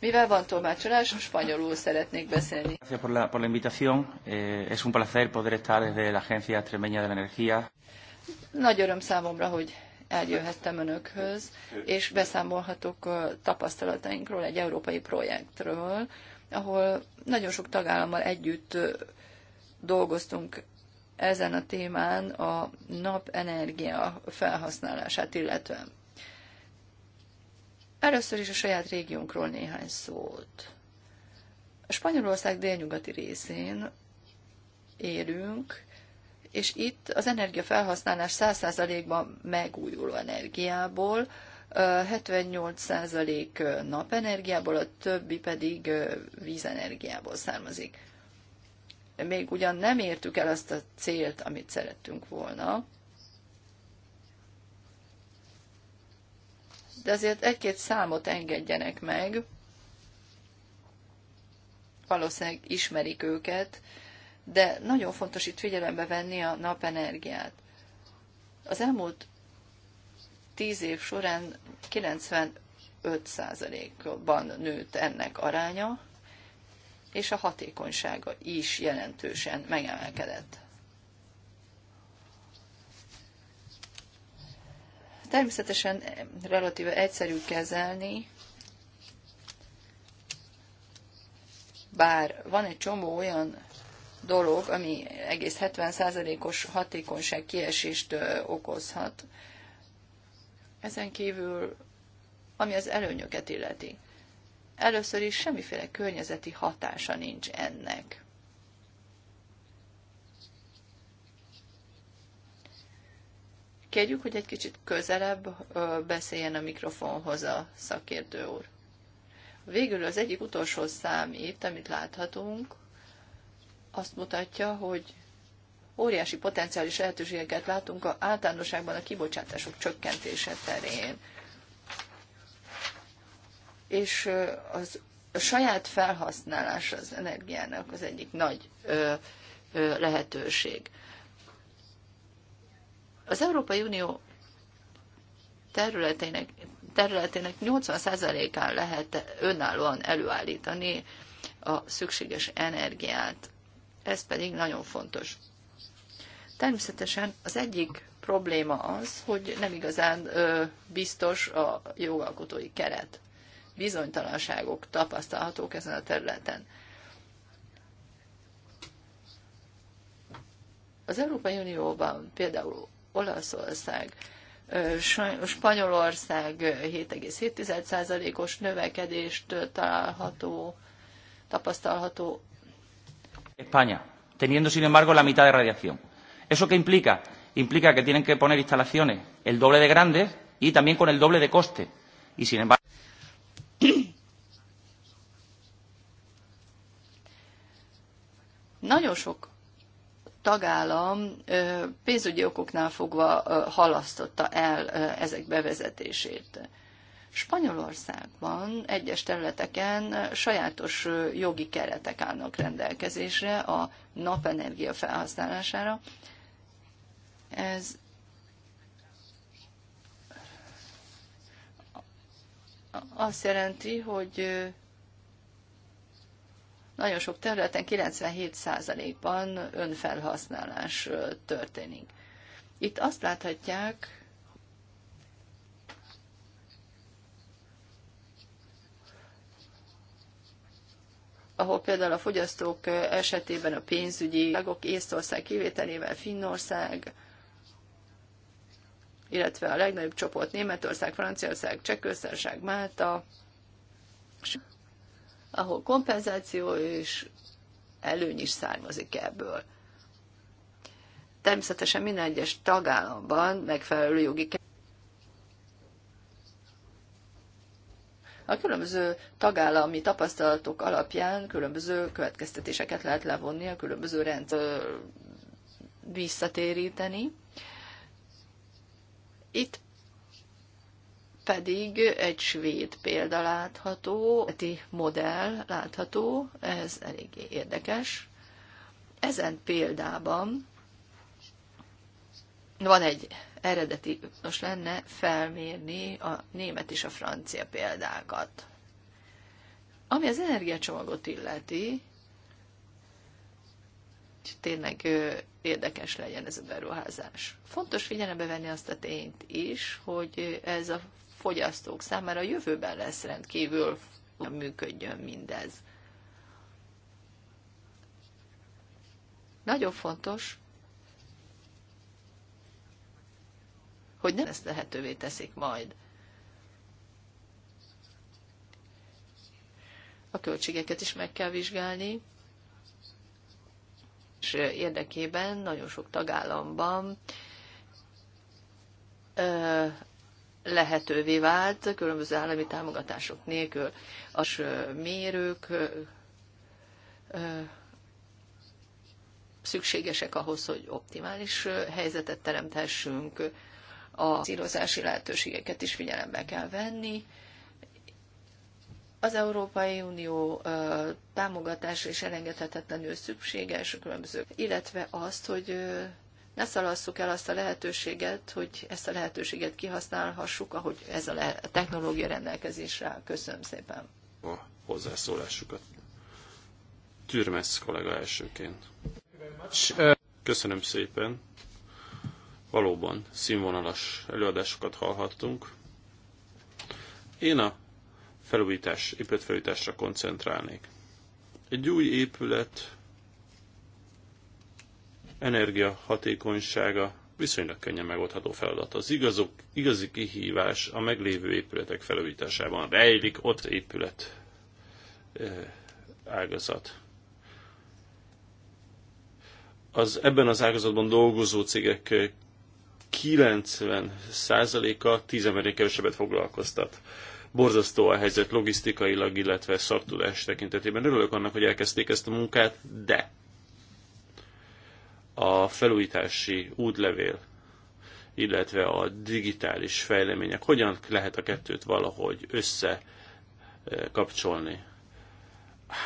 Mivel van tolmácsolás, spanyolul szeretnék beszélni. Gracias por la, por la invitación. Eh, es un placer poder estar desde la Agencia Extremeña de la Energía. Nagy öröm számomra, hogy eljöhettem önökhöz, és beszámolhatok tapasztalatainkról egy európai projektről, ahol nagyon sok tagállammal együtt dolgoztunk ezen a témán a napenergia felhasználását illetően. Először is a saját régiónkról néhány szót. A Spanyolország délnyugati részén élünk, és itt az energiafelhasználás 100%-ban megújuló energiából, 78% napenergiából, a többi pedig vízenergiából származik. Még ugyan nem értük el azt a célt, amit szerettünk volna, de azért egy-két számot engedjenek meg, valószínűleg ismerik őket, de nagyon fontos itt figyelembe venni a napenergiát. Az elmúlt tíz év során 95%-ban nőtt ennek aránya, és a hatékonysága is jelentősen megemelkedett. Természetesen relatíve egyszerű kezelni, bár van egy csomó olyan dolog, ami egész 70%-os hatékonyság kiesést okozhat. Ezen kívül, ami az előnyöket illeti. Először is semmiféle környezeti hatása nincs ennek. Kérjük, hogy egy kicsit közelebb beszéljen a mikrofonhoz a szakértő úr. Végül az egyik utolsó szám itt, amit láthatunk, azt mutatja, hogy óriási potenciális lehetőségeket látunk a általánosságban a kibocsátások csökkentése terén. És az a saját felhasználás az energiának az egyik nagy ö, ö, lehetőség. Az Európai Unió területének, területének 80%-án lehet önállóan előállítani a szükséges energiát. Ez pedig nagyon fontos. Természetesen az egyik probléma az, hogy nem igazán ö, biztos a jogalkotói keret. Bizonytalanságok tapasztalhatók ezen a területen. Az Európai Unióban például Olaszország, Spanyolország 7,7%-os növekedést található, tapasztalható. España, teniendo sin embargo la mitad de radiación. ¿Eso qué implica? Implica que tienen que poner instalaciones el doble de grandes y también con el doble de coste. Y sin embargo. Nagyon sok tagállam pénzügyi okoknál fogva halasztotta el ezek bevezetését. Spanyolországban egyes területeken sajátos jogi keretek állnak rendelkezésre a napenergia felhasználására. Ez azt jelenti, hogy nagyon sok területen 97%-ban önfelhasználás történik. Itt azt láthatják, ahol például a fogyasztók esetében a pénzügyi tagok Észtország kivételével Finnország, illetve a legnagyobb csoport Németország, Franciaország, Csehköztársaság, Málta, ahol kompenzáció és előny is származik ebből. Természetesen minden egyes tagállamban megfelelő jogi A különböző tagállami tapasztalatok alapján különböző következtetéseket lehet levonni, a különböző rend visszatéríteni. Itt pedig egy svéd példa látható, egy modell látható, ez eléggé érdekes. Ezen példában van egy eredeti, most lenne felmérni a német és a francia példákat. Ami az energiacsomagot illeti, hogy tényleg érdekes legyen ez a beruházás. Fontos figyelembe venni azt a tényt is, hogy ez a fogyasztók számára a jövőben lesz rendkívül működjön mindez. Nagyon fontos, hogy nem ezt lehetővé teszik majd. A költségeket is meg kell vizsgálni, és érdekében nagyon sok tagállamban lehetővé vált különböző állami támogatások nélkül. A mérők szükségesek ahhoz, hogy optimális helyzetet teremthessünk, a szírozási lehetőségeket is figyelembe kell venni. Az Európai Unió támogatása is elengedhetetlenül szükséges, különböző, illetve azt, hogy ne szalasszuk el azt a lehetőséget, hogy ezt a lehetőséget kihasználhassuk, ahogy ez a, le- a technológia rendelkezésre áll. Köszönöm szépen. A hozzászólásukat. Türmesz kollega elsőként. Köszönöm szépen. Valóban színvonalas előadásokat hallhattunk. Én a felújítás, épületfelújításra koncentrálnék. Egy új épület energiahatékonysága viszonylag könnyen megoldható feladat. Az igazok, igazi kihívás a meglévő épületek felújításában rejlik ott épület eh, ágazat. Az ebben az ágazatban dolgozó cégek 90%-a eh, 10 kevesebbet foglalkoztat. Borzasztó a helyzet logisztikailag, illetve szaktudás tekintetében. Örülök annak, hogy elkezdték ezt a munkát, de a felújítási útlevél, illetve a digitális fejlemények, hogyan lehet a kettőt valahogy összekapcsolni? Eh,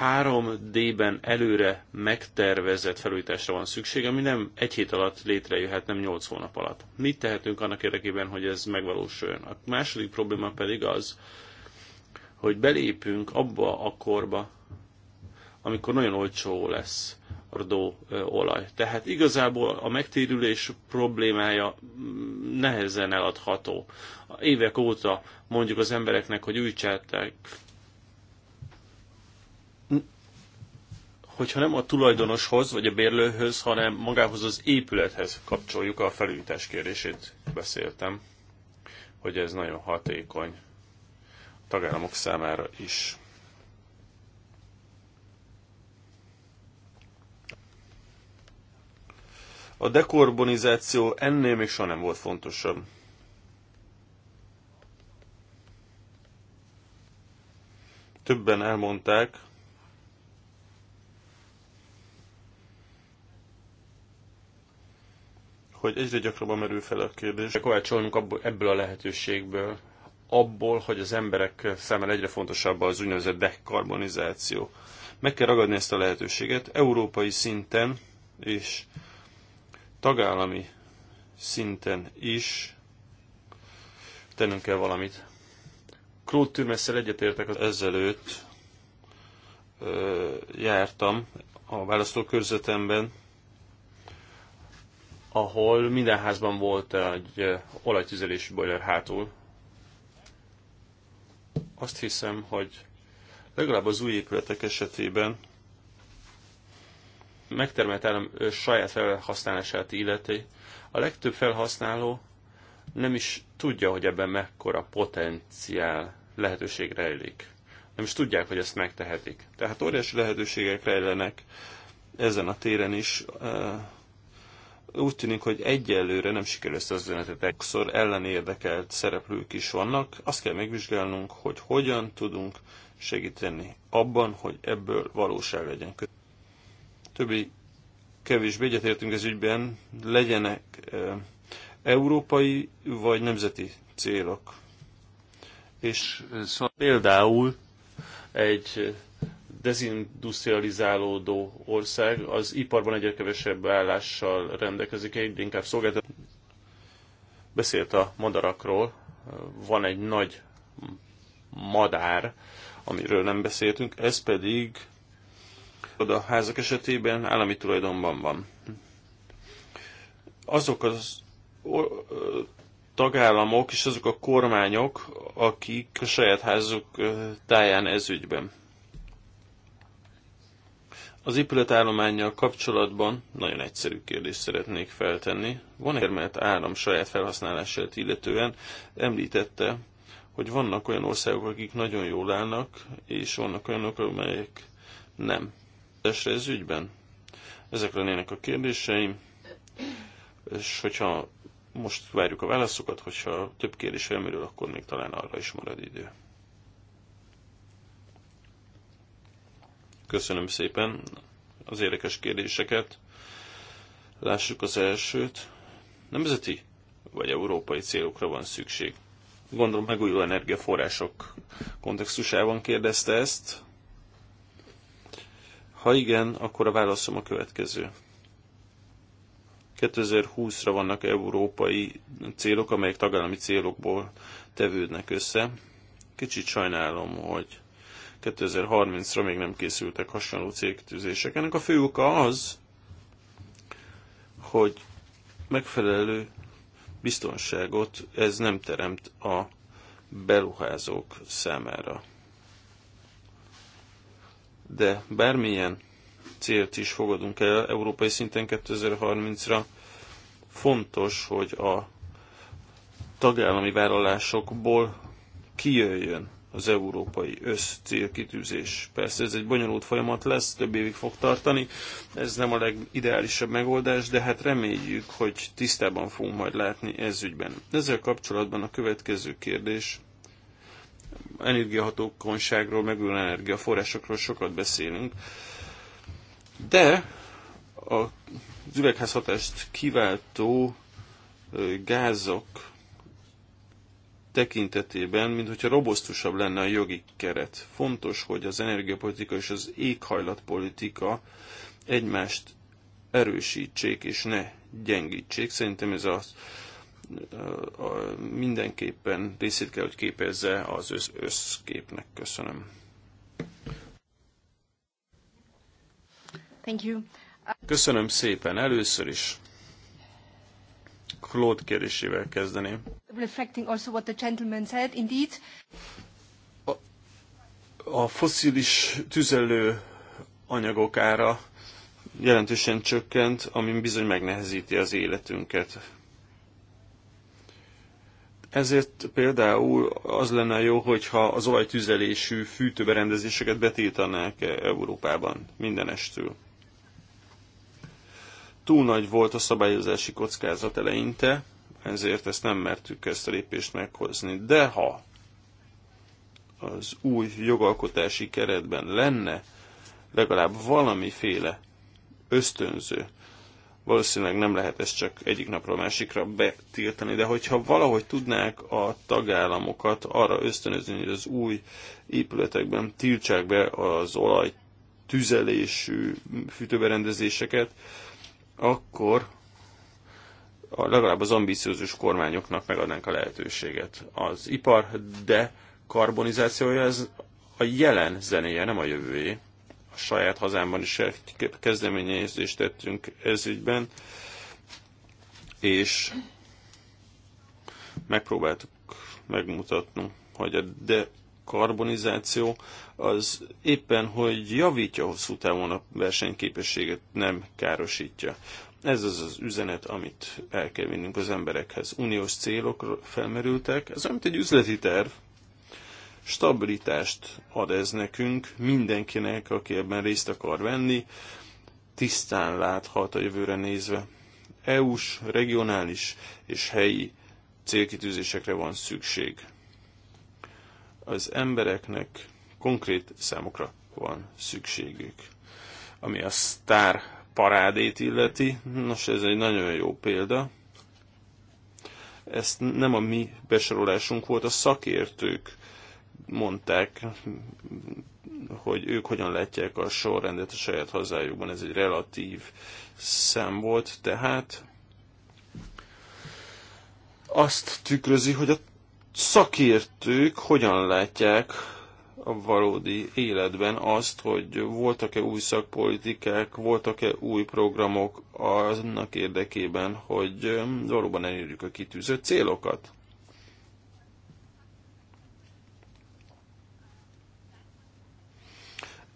3D-ben előre megtervezett felújításra van szükség, ami nem egy hét alatt létrejöhet, nem 8 hónap alatt. Mit tehetünk annak érdekében, hogy ez megvalósuljon? A második probléma pedig az, hogy belépünk abba a korba, amikor nagyon olcsó lesz adó olaj. Tehát igazából a megtérülés problémája mm, nehezen eladható. Évek óta mondjuk az embereknek, hogy újtsátták, hogyha nem a tulajdonoshoz vagy a bérlőhöz, hanem magához az épülethez kapcsoljuk a felújítás kérdését. Beszéltem, hogy ez nagyon hatékony a tagállamok számára is. A dekarbonizáció ennél még soha nem volt fontosabb. Többen elmondták, hogy egyre gyakrabban merül fel a kérdés. Kovácsolunk abból, ebből a lehetőségből, abból, hogy az emberek számára egyre fontosabb az úgynevezett dekarbonizáció. Meg kell ragadni ezt a lehetőséget európai szinten, és tagállami szinten is tennünk kell valamit. Claude Türmesszel egyetértek az ezelőtt ö, jártam a választókörzetemben, ahol minden házban volt egy olajtüzelési boiler hátul. Azt hiszem, hogy legalább az új épületek esetében megtermelt állam saját felhasználását illeti, a legtöbb felhasználó nem is tudja, hogy ebben mekkora potenciál lehetőség rejlik. Nem is tudják, hogy ezt megtehetik. Tehát óriási lehetőségek rejlenek ezen a téren is. Úgy tűnik, hogy egyelőre nem sikerül ezt az üzenetet. Sokszor ellenérdekelt szereplők is vannak. Azt kell megvizsgálnunk, hogy hogyan tudunk segíteni abban, hogy ebből valóság legyen. Többi kevésbé egyetértünk ez ügyben, legyenek európai vagy nemzeti célok. És szóval például egy dezindustrializálódó ország az iparban egyre kevesebb állással rendelkezik, egyre inkább szolgáltató. Beszélt a madarakról, van egy nagy madár, amiről nem beszéltünk, ez pedig házak esetében állami tulajdonban van. Azok az tagállamok és azok a kormányok, akik a saját házuk táján ez ügyben. Az épületállományjal kapcsolatban nagyon egyszerű kérdést szeretnék feltenni. Van érmelt állam saját felhasználását illetően említette, hogy vannak olyan országok, akik nagyon jól állnak, és vannak olyanok, amelyek nem esre ez ügyben? Ezek lennének a kérdéseim, és hogyha most várjuk a válaszokat, hogyha több kérdés elmerül, akkor még talán arra is marad idő. Köszönöm szépen az érdekes kérdéseket. Lássuk az elsőt. Nemzeti vagy európai célokra van szükség? Gondolom megújuló energiaforrások kontextusában kérdezte ezt. Ha igen, akkor a válaszom a következő. 2020-ra vannak európai célok, amelyek tagállami célokból tevődnek össze. Kicsit sajnálom, hogy 2030-ra még nem készültek hasonló célkitűzések. Ennek a fő oka az, hogy megfelelő biztonságot ez nem teremt a beruházók számára de bármilyen célt is fogadunk el európai szinten 2030-ra, fontos, hogy a tagállami vállalásokból kijöjjön az európai összcélkitűzés. Persze ez egy bonyolult folyamat lesz, több évig fog tartani, ez nem a legideálisabb megoldás, de hát reméljük, hogy tisztában fogunk majd látni ez ügyben. Ezzel kapcsolatban a következő kérdés energiahatókonyságról, megújuló energiaforrásokról sokat beszélünk, de a az üvegházhatást kiváltó gázok tekintetében, mint hogyha robosztusabb lenne a jogi keret. Fontos, hogy az energiapolitika és az éghajlatpolitika egymást erősítsék és ne gyengítsék. Szerintem ez az mindenképpen részét kell, hogy képezze az össz összképnek. Köszönöm. Thank you. Köszönöm szépen. Először is Claude kérdésével kezdeném. Reflecting also what the gentleman said, indeed. A, a foszilis tüzelő anyagok ára jelentősen csökkent, ami bizony megnehezíti az életünket. Ezért például az lenne jó, hogyha az olajtüzelésű fűtőberendezéseket betiltanák e Európában mindenestől. Túl nagy volt a szabályozási kockázat eleinte, ezért ezt nem mertük ezt a lépést meghozni. De ha az új jogalkotási keretben lenne legalább valamiféle ösztönző, valószínűleg nem lehet ezt csak egyik napról másikra betiltani, de hogyha valahogy tudnák a tagállamokat arra ösztönözni, hogy az új épületekben tiltsák be az olaj tüzelésű fűtőberendezéseket, akkor a, legalább az ambiciózus kormányoknak megadnánk a lehetőséget. Az ipar de karbonizációja ez a jelen zenéje, nem a jövőjé saját hazámban is kezdeményezést tettünk ez ügyben, és megpróbáltuk megmutatni, hogy a dekarbonizáció az éppen, hogy javítja hosszú távon a versenyképességet, nem károsítja. Ez az az üzenet, amit el kell vinnünk az emberekhez. Uniós célok felmerültek, ez amit egy üzleti terv, Stabilitást ad ez nekünk, mindenkinek, aki ebben részt akar venni, tisztán láthat a jövőre nézve. EU-s, regionális és helyi célkitűzésekre van szükség. Az embereknek konkrét számokra van szükségük. Ami a sztár parádét illeti, nos ez egy nagyon jó példa. Ezt nem a mi besorolásunk volt, a szakértők mondták, hogy ők hogyan látják a sorrendet a saját hazájukban. Ez egy relatív szem volt, tehát azt tükrözi, hogy a szakértők hogyan látják a valódi életben azt, hogy voltak-e új szakpolitikák, voltak-e új programok annak érdekében, hogy um, valóban elérjük a kitűzött célokat.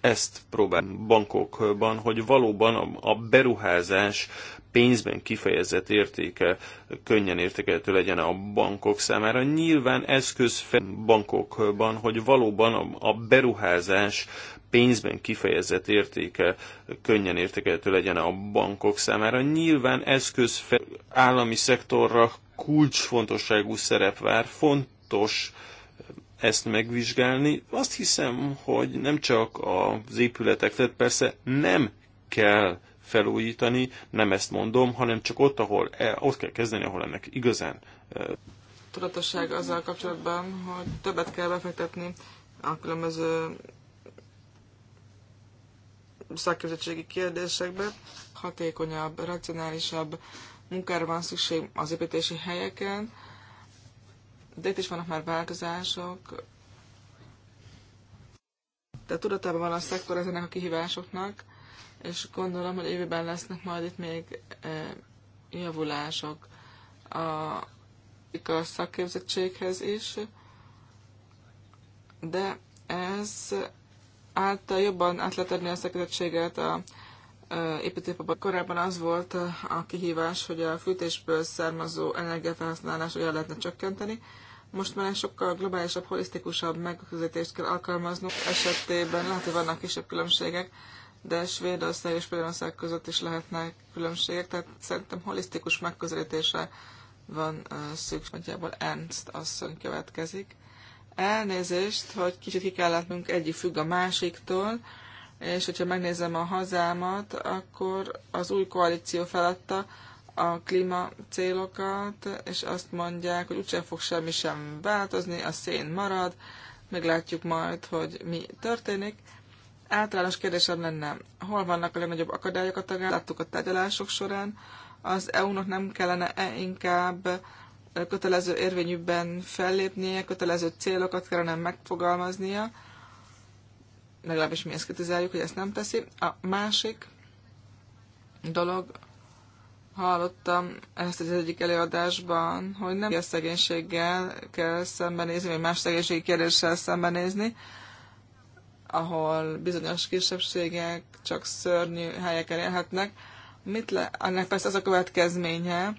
ezt próbál bankokban, hogy valóban a beruházás pénzben kifejezett értéke könnyen értékelhető legyen a bankok számára. Nyilván eszköz bankokban, hogy valóban a beruházás pénzben kifejezett értéke könnyen értékelhető legyen a bankok számára. Nyilván eszköz állami szektorra kulcsfontosságú szerep vár, fontos ezt megvizsgálni. Azt hiszem, hogy nem csak az tehát persze nem kell felújítani, nem ezt mondom, hanem csak ott, ahol e, ott kell kezdeni, ahol ennek igazán. E, Tudatosság azzal kapcsolatban, hogy többet kell befektetni a különböző szakképzettségi kérdésekbe, hatékonyabb, racionálisabb munkára van szükség az építési helyeken, de itt is vannak már változások. De tudatában van a szektor ezenek a kihívásoknak, és gondolom, hogy évben lesznek majd itt még e, javulások a, a szakképzettséghez is, de ez által jobban át lehet adni a szakképzettséget a, e, építőiparban Korábban az volt a kihívás, hogy a fűtésből származó energiafelhasználás olyan lehetne csökkenteni, most már sokkal globálisabb, holisztikusabb megközelítést kell alkalmaznunk esetében. Lehet, hogy vannak kisebb különbségek, de Svédország és Spanyolország között is lehetnek különbségek, tehát szerintem holisztikus megközelítésre van uh, szükség. Nagyjából Ernst asszony következik. Elnézést, hogy kicsit ki látnunk, egyik függ a másiktól, és hogyha megnézem a hazámat, akkor az új koalíció feladta, a klíma célokat, és azt mondják, hogy úgysem fog semmi sem változni, a szén marad, meglátjuk majd, hogy mi történik. Általános kérdésem lenne, hol vannak a legnagyobb akadályok a tagállamok? Láttuk a tárgyalások során, az EU-nak nem kellene -e inkább kötelező érvényűben fellépnie, kötelező célokat kellene megfogalmaznia, legalábbis mi ezt kritizáljuk, hogy ezt nem teszi. A másik dolog hallottam ezt az egyik előadásban, hogy nem a szegénységgel kell szembenézni, vagy más szegénységi kérdéssel szembenézni, ahol bizonyos kisebbségek csak szörnyű helyeken élhetnek. Mit le, annak persze az a következménye,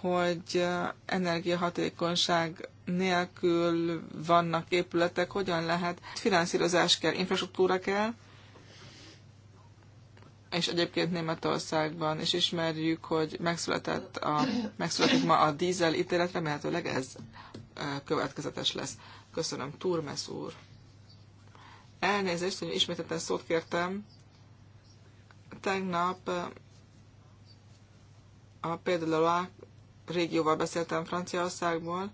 hogy energiahatékonyság nélkül vannak épületek, hogyan lehet, finanszírozás kell, infrastruktúra kell, és egyébként Németországban is ismerjük, hogy megszületett a, megszületik ma a dízel ítélet, remélhetőleg ez következetes lesz. Köszönöm, Turmes úr. Elnézést, hogy ismételten szót kértem. Tegnap a például a régióval beszéltem Franciaországból.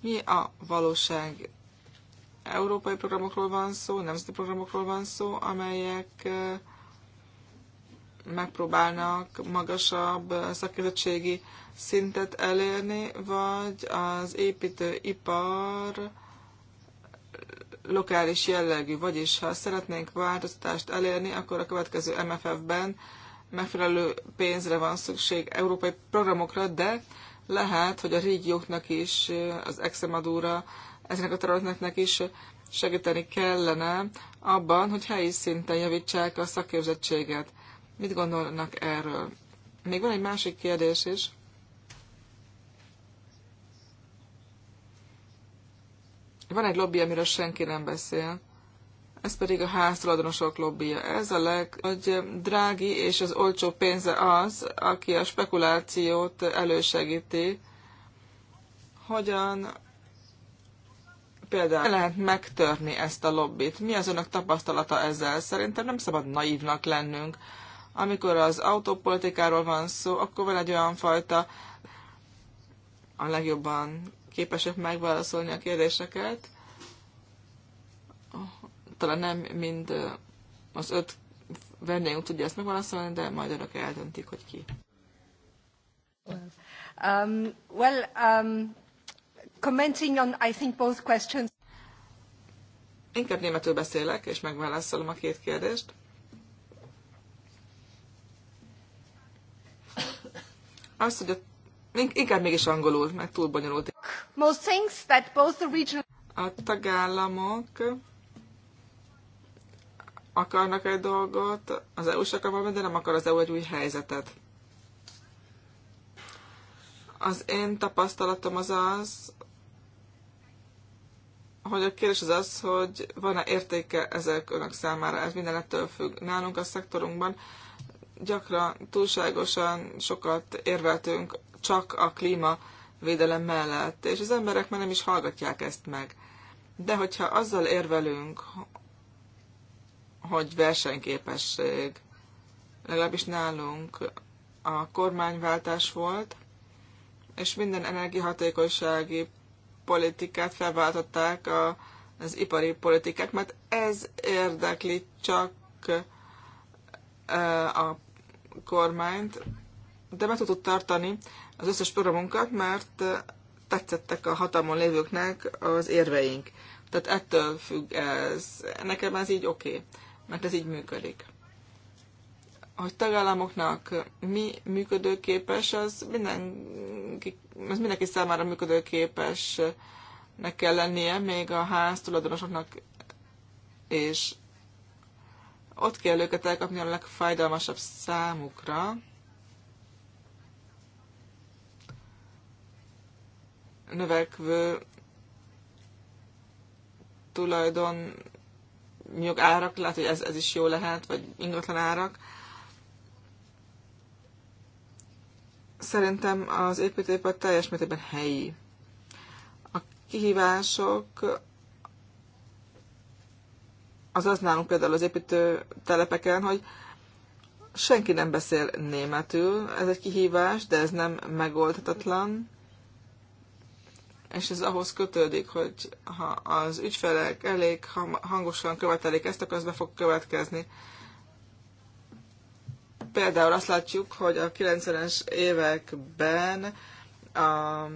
Mi a valóság? Európai programokról van szó, nemzeti programokról van szó, amelyek uh, megpróbálnak magasabb szakértettségi szintet elérni, vagy az építőipar lokális jellegű, vagyis ha szeretnénk változtatást elérni, akkor a következő MFF-ben megfelelő pénzre van szükség európai programokra, de lehet, hogy a régióknak is, az Extremadura, ezeknek a területeknek is segíteni kellene abban, hogy helyi szinten javítsák a szakképzettséget. Mit gondolnak erről? Még van egy másik kérdés is. Van egy lobby, amiről senki nem beszél. Ez pedig a háztulajdonosok lobbija. Ez a leg, hogy drági és az olcsó pénze az, aki a spekulációt elősegíti. Hogyan például lehet megtörni ezt a lobbit? Mi az önök tapasztalata ezzel? Szerintem nem szabad naívnak lennünk amikor az autópolitikáról van szó, akkor van egy olyan fajta a legjobban képesek megválaszolni a kérdéseket. Talán nem mind az öt vendégünk tudja ezt megválaszolni, de majd önök eldöntik, hogy ki. Well, um, well um, commenting on, I think, both questions. Inkább németül beszélek, és megválaszolom a két kérdést. Azt hogy a, inkább mégis angolul, mert túl bonyolult. Most things that both the region... A tagállamok akarnak egy dolgot, az EU-s akar de nem akar az EU egy új helyzetet. Az én tapasztalatom az az, hogy a kérdés az az, hogy van-e értéke ezek önök számára, ez minden ettől függ. Nálunk a szektorunkban gyakran túlságosan sokat érveltünk csak a védelem mellett, és az emberek már nem is hallgatják ezt meg. De hogyha azzal érvelünk, hogy versenyképesség, legalábbis nálunk a kormányváltás volt, és minden energiahatékonysági politikát felváltották a, az ipari politikák, mert ez érdekli csak a kormányt, de meg tudott tartani az összes programunkat, mert tetszettek a hatalmon lévőknek az érveink. Tehát ettől függ ez. Nekem ez így oké, okay, mert ez így működik. Hogy tagállamoknak mi működőképes, az mindenki, az mindenki számára működőképesnek kell lennie, még a ház tulajdonosoknak és ott kell őket elkapni a legfájdalmasabb számukra. Növekvő tulajdon árak, lehet, hogy ez, ez is jó lehet, vagy ingatlan árak. Szerintem az építőipar teljes mértékben helyi. A kihívások az az nálunk például az építő telepeken, hogy senki nem beszél németül, ez egy kihívás, de ez nem megoldhatatlan, és ez ahhoz kötődik, hogy ha az ügyfelek elég hangosan követelik ezt, akkor ez be fog következni. Például azt látjuk, hogy a 90-es években a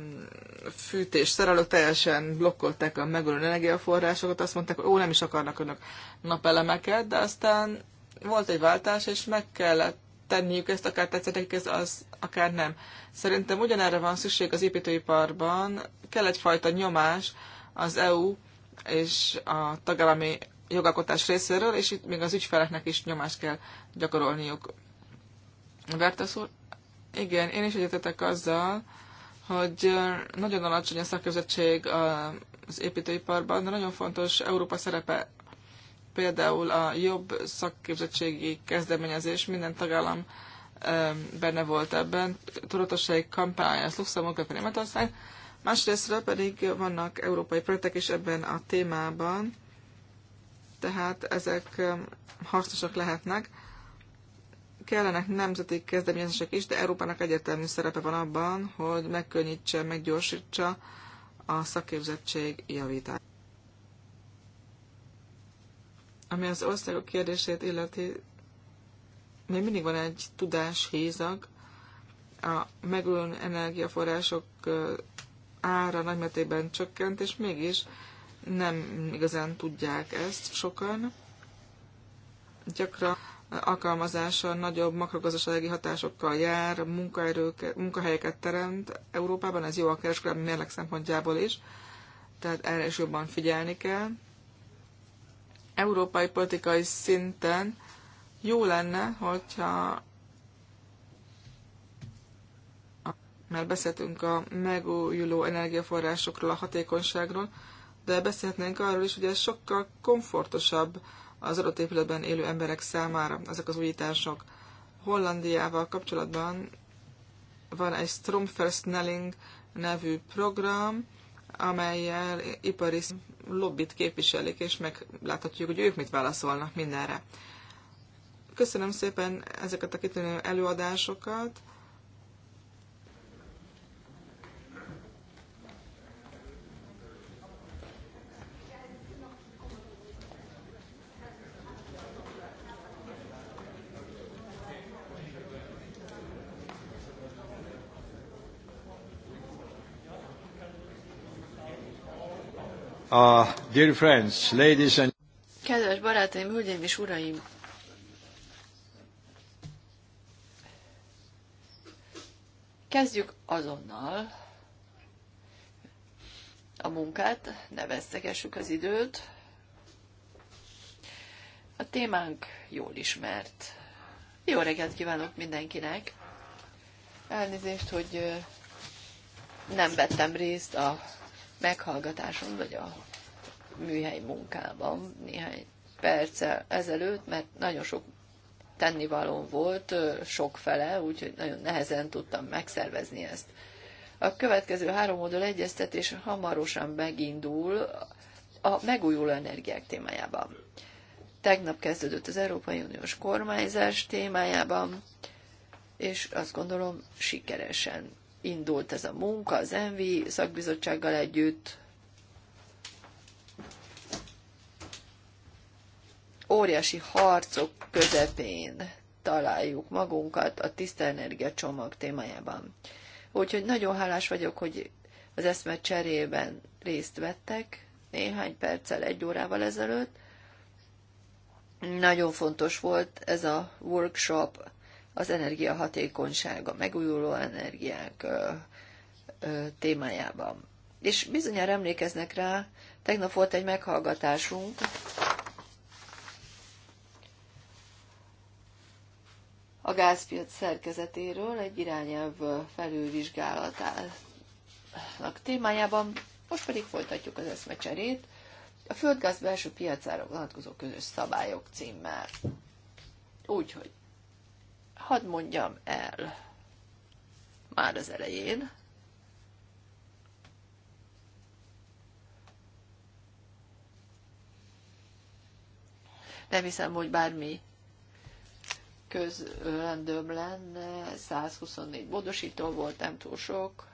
fűtés szerelők teljesen blokkolták a megújuló energiaforrásokat, azt mondták, hogy ó, nem is akarnak önök napelemeket, de aztán volt egy váltás, és meg kellett tenniük ezt, akár tetszett nekik ez, az, akár nem. Szerintem ugyanerre van szükség az építőiparban, kell egyfajta nyomás az EU és a tagállami jogalkotás részéről, és itt még az ügyfeleknek is nyomást kell gyakorolniuk. Vertes úr? Igen, én is egyetetek azzal, hogy nagyon alacsony a szakképzettség az építőiparban, de nagyon fontos Európa szerepe például a jobb szakképzettségi kezdeményezés, minden tagállam benne volt ebben, tudatosság kampány, ez Luxemburg, Németország, másrésztről pedig vannak európai projektek is ebben a témában, tehát ezek hasznosak lehetnek kellenek nemzeti kezdeményezések is, de Európának egyértelmű szerepe van abban, hogy megkönnyítse, meggyorsítsa a szakképzettség javítását. Ami az országok kérdését illeti, még mindig van egy tudás hézag, a megújuló energiaforrások ára nagymetében csökkent, és mégis nem igazán tudják ezt sokan. Gyakran alkalmazása nagyobb makrogazdasági hatásokkal jár, munkahelyeket teremt Európában, ez jó a kereskedelmi mérleg szempontjából is, tehát erre is jobban figyelni kell. Európai politikai szinten jó lenne, hogyha mert beszéltünk a megújuló energiaforrásokról, a hatékonyságról, de beszélhetnénk arról is, hogy ez sokkal komfortosabb az adott épületben élő emberek számára ezek az újítások. Hollandiával kapcsolatban van egy Stromversnelling nevű program, amelyel ipari lobbit képviselik, és megláthatjuk, hogy ők mit válaszolnak mindenre. Köszönöm szépen ezeket a kitűnő előadásokat. Uh, dear friends, ladies and... Kedves barátaim, hölgyeim és uraim! Kezdjük azonnal a munkát, ne vesztegessük az időt. A témánk jól ismert. Jó reggelt kívánok mindenkinek! Elnézést, hogy nem vettem részt a meghallgatáson, vagy a műhely munkában néhány perccel ezelőtt, mert nagyon sok tennivaló volt, sok fele, úgyhogy nagyon nehezen tudtam megszervezni ezt. A következő három oldal egyeztetés hamarosan megindul a megújuló energiák témájában. Tegnap kezdődött az Európai Uniós kormányzás témájában, és azt gondolom sikeresen indult ez a munka az ENVI szakbizottsággal együtt. Óriási harcok közepén találjuk magunkat a tiszta energia csomag témájában. Úgyhogy nagyon hálás vagyok, hogy az eszme cserében részt vettek néhány perccel, egy órával ezelőtt. Nagyon fontos volt ez a workshop az energiahatékonyság, a megújuló energiák témájában. És bizonyára emlékeznek rá, tegnap volt egy meghallgatásunk, a gázpiac szerkezetéről egy irányelv felülvizsgálatának témájában, most pedig folytatjuk az eszmecserét a földgáz belső piacára vonatkozó közös szabályok címmel. Úgyhogy hadd mondjam el már az elején, nem hiszem, hogy bármi közrendőm lenne, 124 módosító volt, nem túl sok.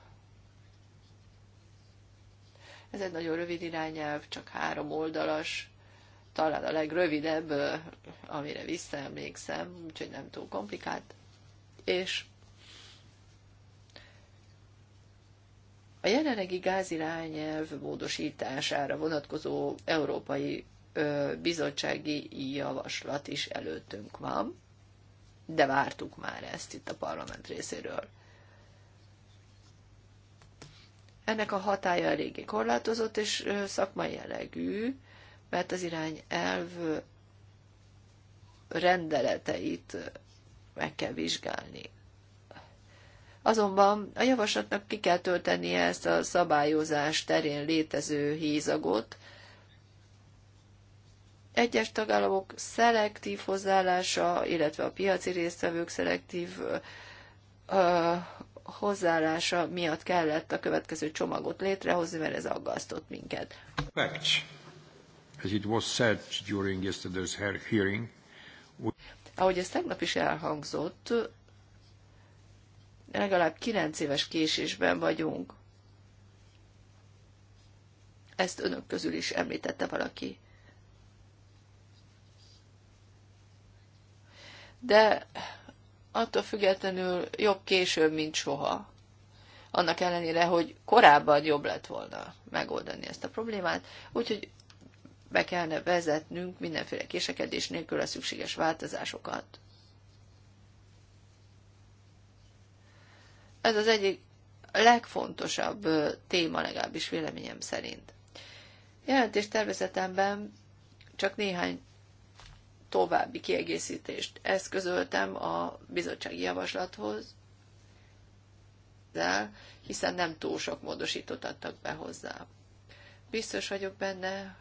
Ez egy nagyon rövid irányelv, csak három oldalas, talán a legrövidebb, amire visszaemlékszem, úgyhogy nem túl komplikált. És a jelenlegi gázirányelv módosítására vonatkozó európai bizottsági javaslat is előttünk van, de vártuk már ezt itt a parlament részéről. Ennek a hatája eléggé korlátozott és szakmai jellegű, mert az irány elv rendeleteit meg kell vizsgálni. Azonban a javaslatnak ki kell töltenie ezt a szabályozás terén létező hízagot. Egyes tagállamok szelektív hozzáállása, illetve a piaci résztvevők szelektív ö, hozzáállása miatt kellett a következő csomagot létrehozni, mert ez aggasztott minket. Becs as it was said during yesterday's hearing, ahogy ez tegnap is elhangzott, legalább kilenc éves késésben vagyunk. Ezt önök közül is említette valaki. De attól függetlenül jobb később, mint soha. Annak ellenére, hogy korábban jobb lett volna megoldani ezt a problémát. Úgyhogy be kellene vezetnünk mindenféle késekedés nélkül a szükséges változásokat. Ez az egyik legfontosabb téma legalábbis véleményem szerint. Jelentés tervezetemben csak néhány további kiegészítést eszközöltem a bizottsági javaslathoz, hiszen nem túl sok módosítót adtak be hozzá. Biztos vagyok benne,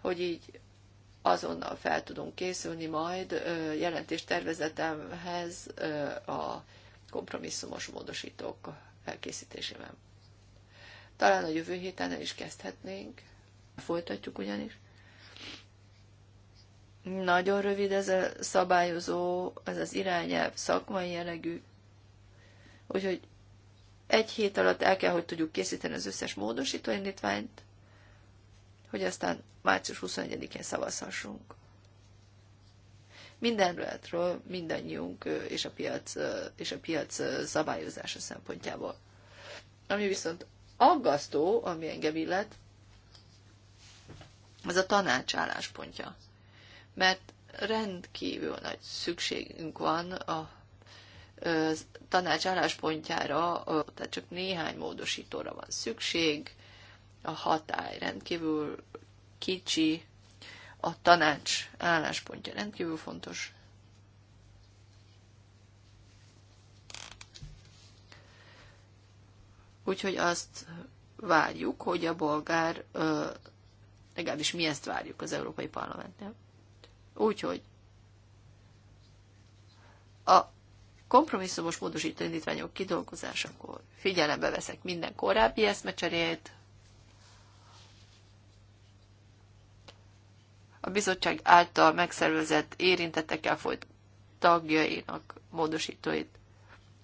hogy így azonnal fel tudunk készülni majd jelentéstervezetemhez a kompromisszumos módosítók elkészítésében. Talán a jövő héten el is kezdhetnénk. Folytatjuk ugyanis. Nagyon rövid ez a szabályozó, ez az irányelv szakmai jellegű. Úgyhogy egy hét alatt el kell, hogy tudjuk készíteni az összes módosító indítványt, hogy aztán március 21-én szavazhassunk. Minden rátról mindannyiunk és a, piac, és a piac szabályozása szempontjából. Ami viszont aggasztó, ami engem illet, az a tanács álláspontja. Mert rendkívül nagy szükségünk van a tanács álláspontjára, tehát csak néhány módosítóra van szükség, a hatály rendkívül kicsi, a tanács álláspontja rendkívül fontos. Úgyhogy azt várjuk, hogy a bolgár, legalábbis mi ezt várjuk az Európai Parlamentnél. Úgyhogy a kompromisszumos módosító indítványok kidolgozásakor figyelembe veszek minden korábbi eszmecserét, a bizottság által megszervezett érintettekkel folyt tagjainak módosítóit,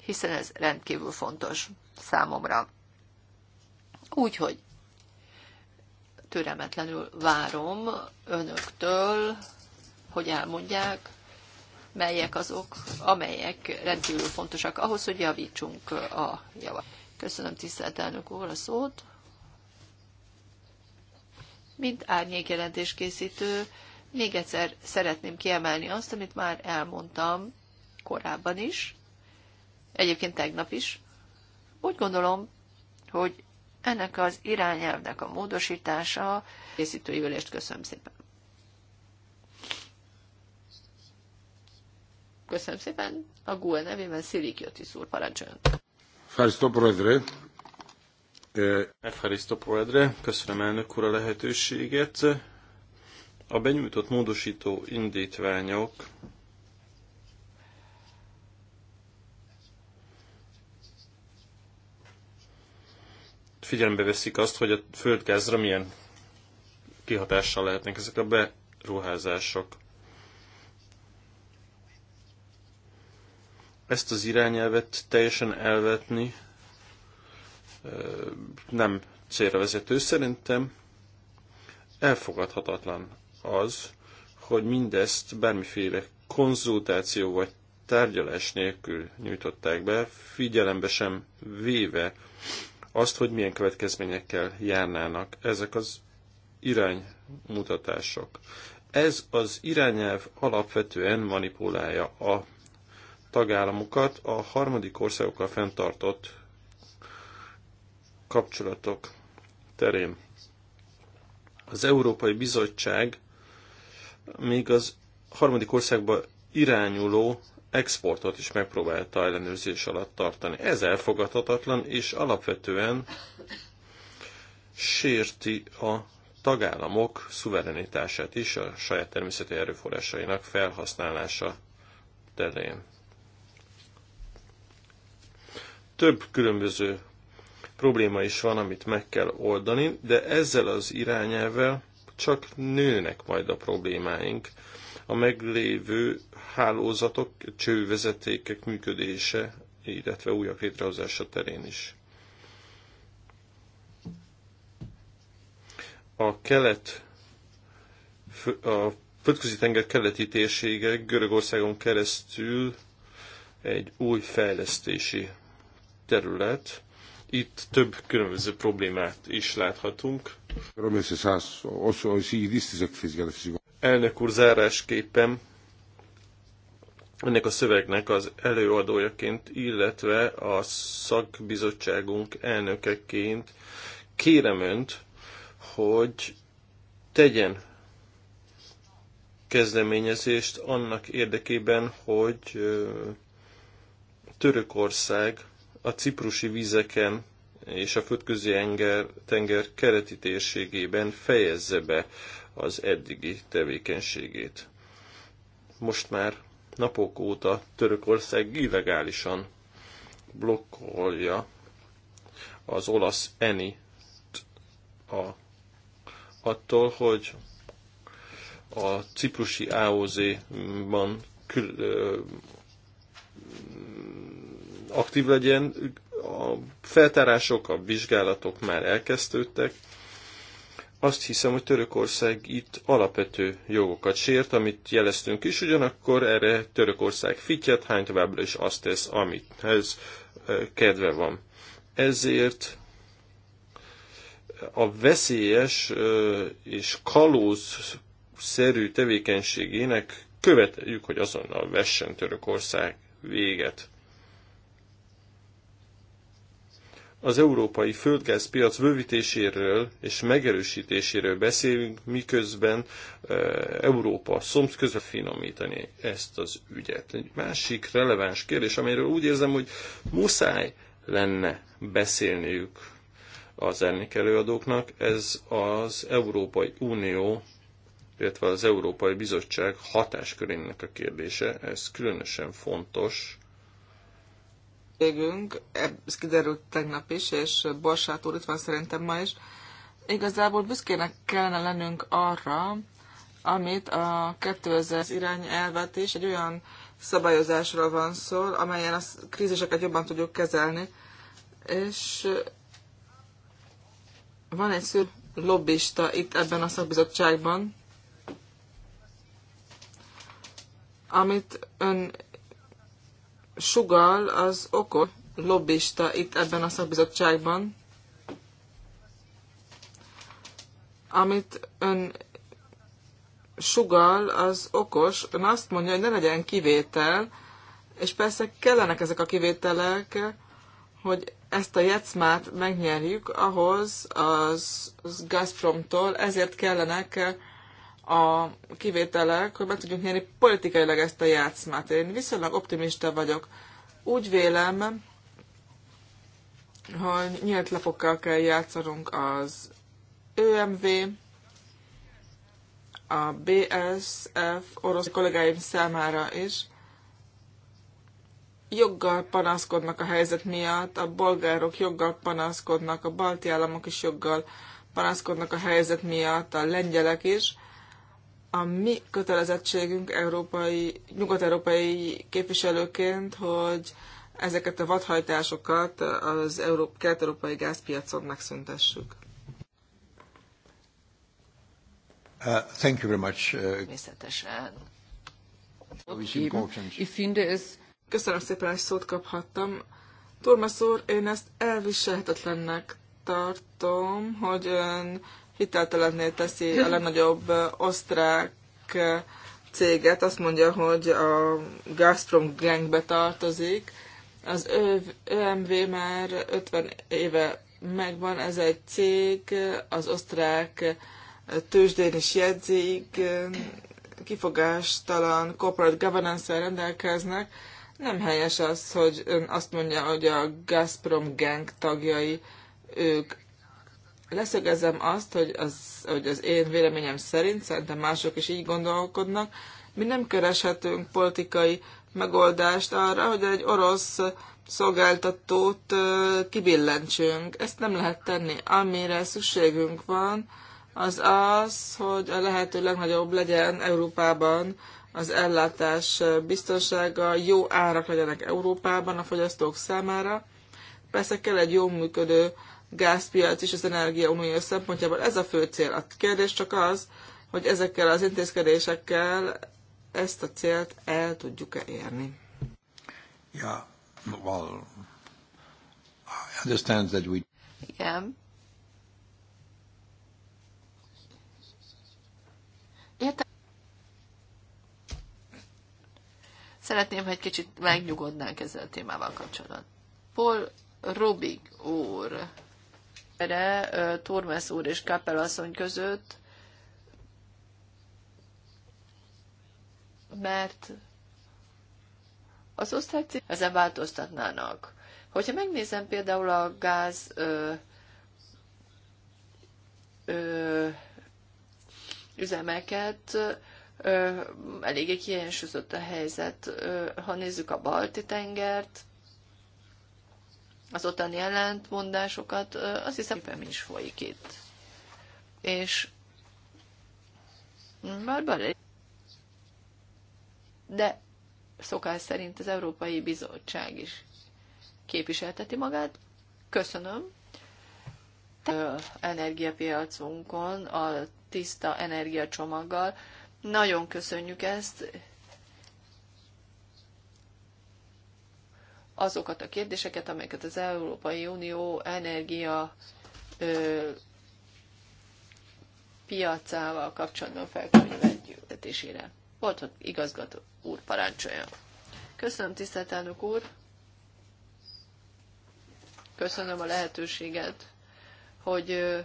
hiszen ez rendkívül fontos számomra. Úgyhogy türelmetlenül várom önöktől, hogy elmondják, melyek azok, amelyek rendkívül fontosak ahhoz, hogy javítsunk a javat. Köszönöm tisztelt elnök úr a szót mint árnyékjelentés készítő, még egyszer szeretném kiemelni azt, amit már elmondtam korábban is, egyébként tegnap is. Úgy gondolom, hogy ennek az irányelvnek a módosítása készítői ülést köszönöm szépen. Köszönöm szépen. A GUE nevében Szilik Jötis úr parancsoljon. Efharisztó Poedre, köszönöm elnök úr a lehetőséget. A benyújtott módosító indítványok figyelembe veszik azt, hogy a földgázra milyen kihatással lehetnek ezek a beruházások. Ezt az irányelvet teljesen elvetni nem célra vezető. Szerintem elfogadhatatlan az, hogy mindezt bármiféle konzultáció vagy tárgyalás nélkül nyújtották be, figyelembe sem véve azt, hogy milyen következményekkel járnának ezek az iránymutatások. Ez az irányelv alapvetően manipulálja a tagállamokat a harmadik országokkal fenntartott kapcsolatok terén. Az Európai Bizottság még az harmadik országba irányuló exportot is megpróbálta ellenőrzés alatt tartani. Ez elfogadhatatlan, és alapvetően sérti a tagállamok szuverenitását is a saját természeti erőforrásainak felhasználása terén. Több különböző probléma is van, amit meg kell oldani, de ezzel az irányelvel csak nőnek majd a problémáink. A meglévő hálózatok, csővezetékek működése, illetve újak létrehozása terén is. A kelet, a földközi tenger keleti térsége Görögországon keresztül egy új fejlesztési terület, itt több különböző problémát is láthatunk. Elnök úr zárásképpen ennek a szövegnek az előadójaként, illetve a szakbizottságunk elnökeként kérem önt, hogy tegyen kezdeményezést annak érdekében, hogy Törökország a ciprusi vízeken és a földközi tenger kereti térségében fejezze be az eddigi tevékenységét. Most már napok óta Törökország illegálisan blokkolja az olasz eni a, attól, hogy a ciprusi AOZ-ban aktív legyen. A feltárások, a vizsgálatok már elkezdődtek. Azt hiszem, hogy Törökország itt alapvető jogokat sért, amit jeleztünk is, ugyanakkor erre Törökország fityet hány továbbra is azt tesz, amit ez kedve van. Ezért a veszélyes és kalózszerű tevékenységének követeljük, hogy azonnal vessen Törökország véget. az európai földgázpiac bővítéséről és megerősítéséről beszélünk, miközben Európa szomsz között finomítani ezt az ügyet. Egy másik releváns kérdés, amiről úgy érzem, hogy muszáj lenne beszélniük az elnök előadóknak, ez az Európai Unió illetve az Európai Bizottság hatáskörének a kérdése, ez különösen fontos, vendégünk, ez kiderült tegnap is, és Borsát úr itt van szerintem ma is, igazából büszkének kellene lennünk arra, amit a 2000 elvet is egy olyan szabályozásról van szó, amelyen a kríziseket jobban tudjuk kezelni, és van egy szűr lobbista itt ebben a szakbizottságban, amit ön Sugal az okos lobbista itt ebben a szakbizottságban, amit ön sugal, az okos, ön azt mondja, hogy ne legyen kivétel, és persze kellenek ezek a kivételek, hogy ezt a jegyzmát megnyerjük, ahhoz az, az Gazpromtól ezért kellenek a kivételek, hogy meg tudjuk nyerni politikailag ezt a játszmát. Én viszonylag optimista vagyok. Úgy vélem, hogy nyílt lapokkal kell játszanunk az ÖMV, a BSF orosz kollégáim számára is. Joggal panaszkodnak a helyzet miatt, a bolgárok joggal panaszkodnak, a balti államok is joggal panaszkodnak a helyzet miatt, a lengyelek is a mi kötelezettségünk európai, nyugat-európai képviselőként, hogy ezeket a vadhajtásokat az Európ, kelet-európai gázpiacon megszüntessük. Uh, thank you very much. Uh, Köszönöm szépen, hogy szót kaphattam. Turmes én ezt elviselhetetlennek tartom, hogy ön hiteltelenné teszi a legnagyobb osztrák céget, azt mondja, hogy a Gazprom gangbe tartozik. Az ÖMV már 50 éve megvan, ez egy cég, az osztrák tőzsdén is jegyzik, kifogástalan corporate governance-el rendelkeznek. Nem helyes az, hogy ön azt mondja, hogy a Gazprom gang tagjai ők leszögezem azt, hogy az, hogy az én véleményem szerint, szerintem mások is így gondolkodnak, mi nem kereshetünk politikai megoldást arra, hogy egy orosz szolgáltatót kibillentsünk. Ezt nem lehet tenni. Amire szükségünk van, az az, hogy a lehető legnagyobb legyen Európában az ellátás biztonsága, jó árak legyenek Európában a fogyasztók számára. Persze kell egy jó működő uh, gázpiac és az energia unió szempontjából. Ez a fő cél. A kérdés csak az, hogy ezekkel az intézkedésekkel ezt a célt el tudjuk-e érni. Ja, well, I understand that we... Igen. Értem. Szeretném, ha egy kicsit megnyugodnánk ezzel a témával kapcsolatban. Paul Rubik úr erre Tormes úr és Kapel asszony között, mert az osztályci ezen változtatnának. Hogyha megnézem például a gáz ö, ö, üzemeket, eléggé kiegyensúlyozott a helyzet. Ö, ha nézzük a Balti tengert, az ottani ellentmondásokat, azt hiszem, mi is folyik itt. És már bele. De szokás szerint az Európai Bizottság is képviselteti magát. Köszönöm. Energiapiacunkon a tiszta energiacsomaggal. Nagyon köszönjük ezt, azokat a kérdéseket, amelyeket az Európai Unió energia ö, piacával kapcsolatban felkönyvetésére. Volt, hogy igazgató úr parancsolja. Köszönöm, tisztelt elnök úr! Köszönöm a lehetőséget, hogy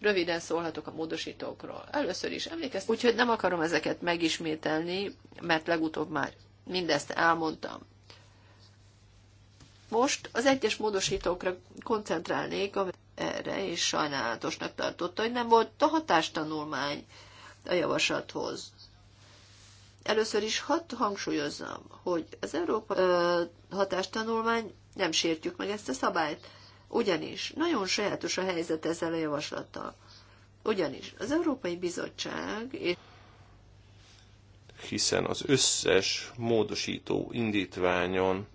röviden szólhatok a módosítókról. Először is emlékeztem, úgyhogy nem akarom ezeket megismételni, mert legutóbb már mindezt elmondtam. Most az egyes módosítókra koncentrálnék, erre és sajnálatosnak tartotta, hogy nem volt a hatástanulmány a javaslathoz. Először is hadd hangsúlyozzam, hogy az Európa ö, hatástanulmány nem sértjük meg ezt a szabályt, ugyanis nagyon sajátos a helyzet ezzel a javaslattal. Ugyanis az Európai Bizottság és hiszen az összes módosító indítványon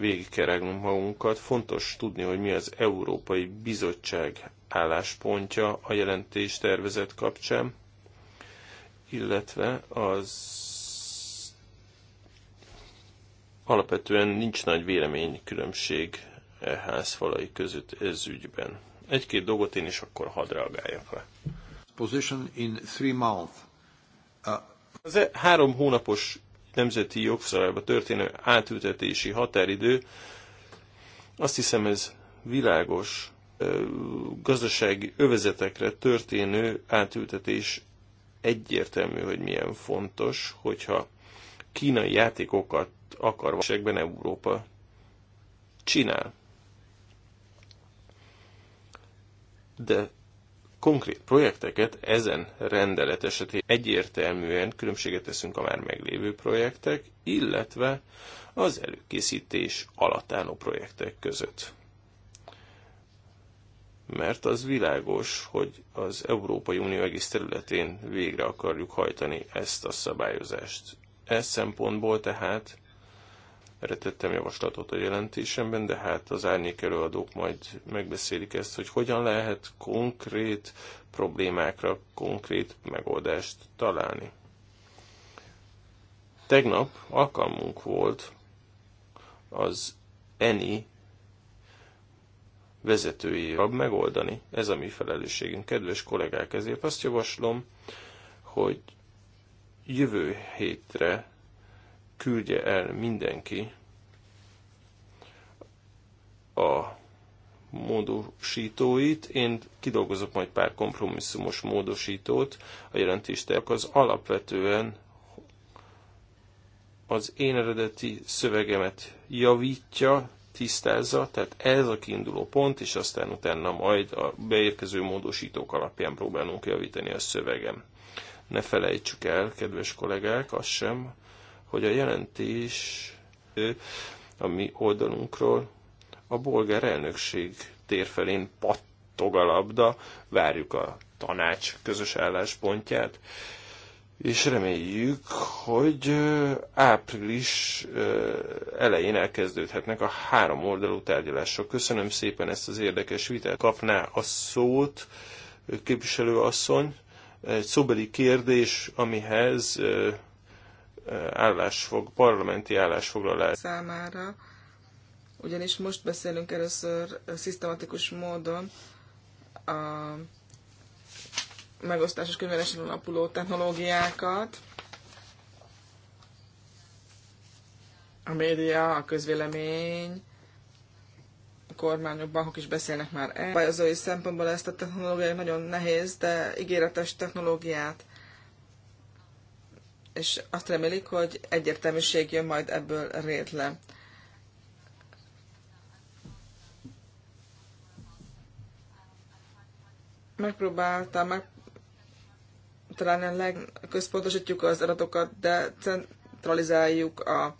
végig magunkat. Fontos tudni, hogy mi az Európai Bizottság álláspontja a jelentés tervezet kapcsán, illetve az alapvetően nincs nagy véleménykülönbség e házfalai között ez ügyben. Egy-két dolgot én is akkor hadd reagáljak le. Position in three months. Uh... Az e három hónapos nemzeti jogszabályba történő átültetési határidő, azt hiszem ez világos gazdasági övezetekre történő átültetés egyértelmű, hogy milyen fontos, hogyha kínai játékokat akar valóságban Európa csinál. De konkrét projekteket ezen rendelet esetén egyértelműen különbséget teszünk a már meglévő projektek, illetve az előkészítés alatt álló projektek között. Mert az világos, hogy az Európai Unió egész területén végre akarjuk hajtani ezt a szabályozást. Ez szempontból tehát erre tettem javaslatot a jelentésemben, de hát az árnyék előadók majd megbeszélik ezt, hogy hogyan lehet konkrét problémákra konkrét megoldást találni. Tegnap alkalmunk volt az ENI vezetőjével megoldani. Ez a mi felelősségünk, kedves kollégák. Ezért azt javaslom, hogy jövő hétre küldje el mindenki a módosítóit. Én kidolgozok majd pár kompromisszumos módosítót a jelentéstek. Az alapvetően az én eredeti szövegemet javítja, tisztázza, tehát ez a kiinduló pont, és aztán utána majd a beérkező módosítók alapján próbálunk javítani a szövegem. Ne felejtsük el, kedves kollégák, azt sem, hogy a jelentés a mi oldalunkról a bolgár elnökség térfelén pattog a labda, várjuk a tanács közös álláspontját, és reméljük, hogy április elején elkezdődhetnek a három oldalú tárgyalások. Köszönöm szépen ezt az érdekes vitát. Kapná a szót képviselőasszony, egy szóbeli kérdés, amihez állásfog, parlamenti állásfoglalás számára, ugyanis most beszélünk először szisztematikus módon a megosztásos könyvelésen alapuló technológiákat, a média, a közvélemény, a kormányok, bankok is beszélnek már el. Bajozói szempontból ezt a technológiát nagyon nehéz, de ígéretes technológiát és azt remélik, hogy egyértelműség jön majd ebből rétle. Megpróbáltam meg talán a legközpontosítjuk az adatokat, de centralizáljuk a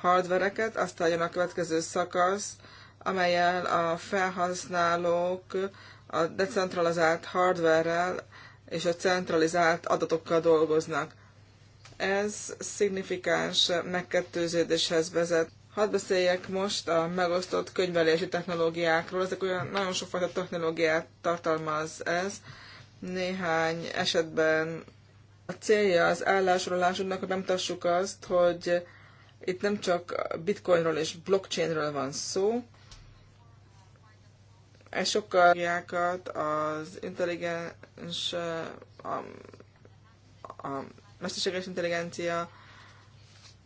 hardvereket, aztán jön a következő szakasz, amelyel a felhasználók a decentralizált hardverrel és a centralizált adatokkal dolgoznak. Ez szignifikáns megkettőződéshez vezet. Hadd beszéljek most a megosztott könyvelési technológiákról. Ezek olyan nagyon sokfajta technológiát tartalmaz ez. Néhány esetben a célja az állásrólásunknak, hogy bemutassuk azt, hogy itt nem csak bitcoinról és blockchainről van szó, ez sokkal az intelligens a, a, mesterséges intelligencia,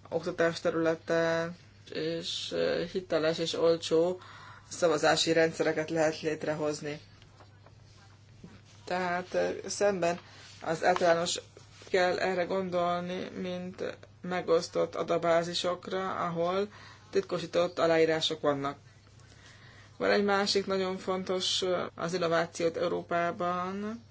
oktatás területe, és hiteles és olcsó szavazási rendszereket lehet létrehozni. Tehát szemben az általános kell erre gondolni, mint megosztott adabázisokra, ahol titkosított aláírások vannak. Van egy másik nagyon fontos az innovációt Európában,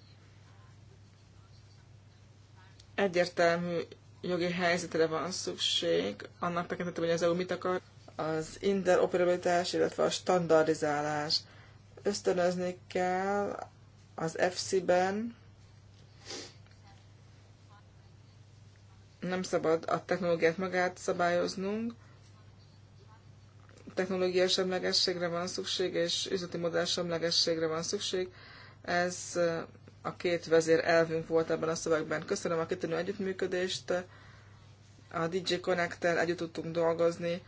Egyértelmű jogi helyzetre van szükség, annak tekintetében, hogy az EU mit akar. Az interoperabilitás, illetve a standardizálás. Ösztönözni kell az FC-ben, nem szabad a technológiát magát szabályoznunk, technológia semlegességre van szükség, és üzleti modell semlegességre van szükség. Ez a két vezér elvünk volt ebben a szövegben. Köszönöm a kitűnő együttműködést, a DJ Connect-tel együtt tudtunk dolgozni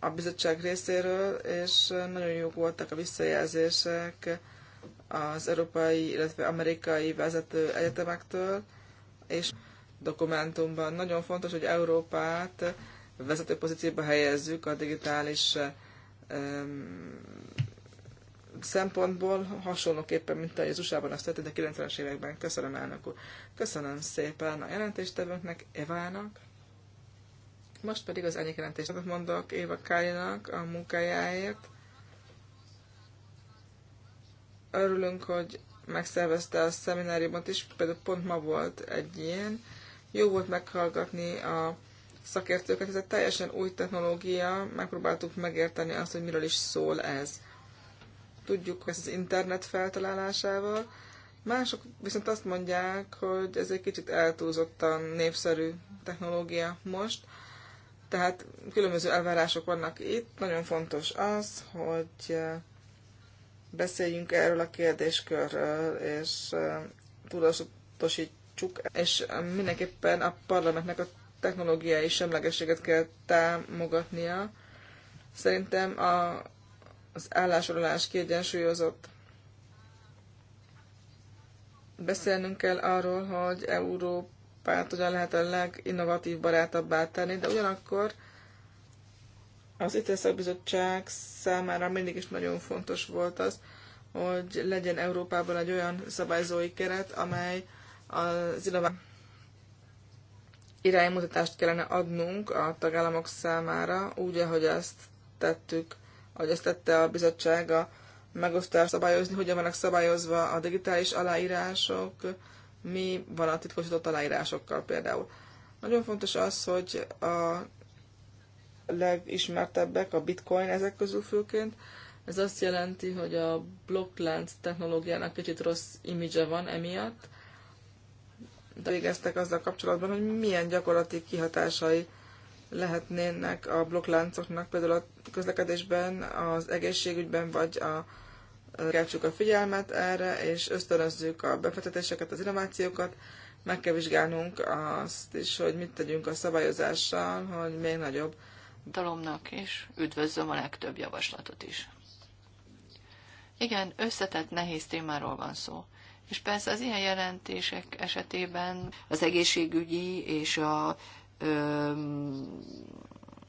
a bizottság részéről, és nagyon jók voltak a visszajelzések az európai, illetve amerikai vezető egyetemektől, és dokumentumban nagyon fontos, hogy Európát vezető pozícióba helyezzük a digitális szempontból hasonlóképpen, mint a Jézusában azt történt de 90-es években. Köszönöm, elnök úr. Köszönöm szépen a jelentéstevőknek, Evának. Most pedig az enyik jelentést mondok Éva Kálinak a munkájáért. Örülünk, hogy megszervezte a szemináriumot is, például pont ma volt egy ilyen. Jó volt meghallgatni a szakértőket, ez egy teljesen új technológia, megpróbáltuk megérteni azt, hogy miről is szól ez tudjuk, hogy ez az internet feltalálásával. Mások viszont azt mondják, hogy ez egy kicsit eltúlzottan népszerű technológia most, tehát különböző elvárások vannak itt. Nagyon fontos az, hogy eh, beszéljünk erről a kérdéskörről, és eh, tudatosítsuk, és mindenképpen a parlamentnek a technológiai semlegességet kell támogatnia. Szerintem a az állásolás kiegyensúlyozott. Beszélnünk kell arról, hogy Európát hogyan lehet a leginnovatív barátabbá tenni, de ugyanakkor az ITSZ bizottság számára mindig is nagyon fontos volt az, hogy legyen Európában egy olyan szabályzói keret, amely az innováció iránymutatást kellene adnunk a tagállamok számára, úgy, ahogy azt tettük ahogy ezt tette a bizottság a megosztás szabályozni, hogyan vannak szabályozva a digitális aláírások, mi van a titkosított aláírásokkal például. Nagyon fontos az, hogy a legismertebbek a bitcoin ezek közül főként. Ez azt jelenti, hogy a blokklánc technológiának kicsit rossz imidzse van emiatt. De végeztek azzal kapcsolatban, hogy milyen gyakorlati kihatásai lehetnének a blokkláncoknak, például a közlekedésben, az egészségügyben, vagy a Keltsük a figyelmet erre, és ösztönözzük a befektetéseket, az innovációkat, meg kell vizsgálnunk azt is, hogy mit tegyünk a szabályozással, hogy még nagyobb talomnak, és üdvözlöm a legtöbb javaslatot is. Igen, összetett nehéz témáról van szó. És persze az ilyen jelentések esetében az egészségügyi és a ö,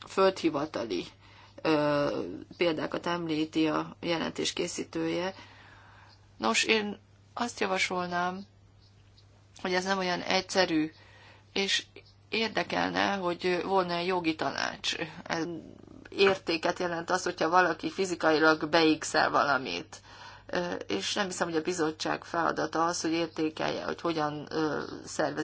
földhivatali ö, példákat említi a jelentés készítője. Nos, én azt javasolnám, hogy ez nem olyan egyszerű, és érdekelne, hogy volna egy jogi tanács. Értéket jelent az, hogyha valaki fizikailag beigszel valamit. És nem hiszem, hogy a bizottság feladata az, hogy értékelje, hogy hogyan szervez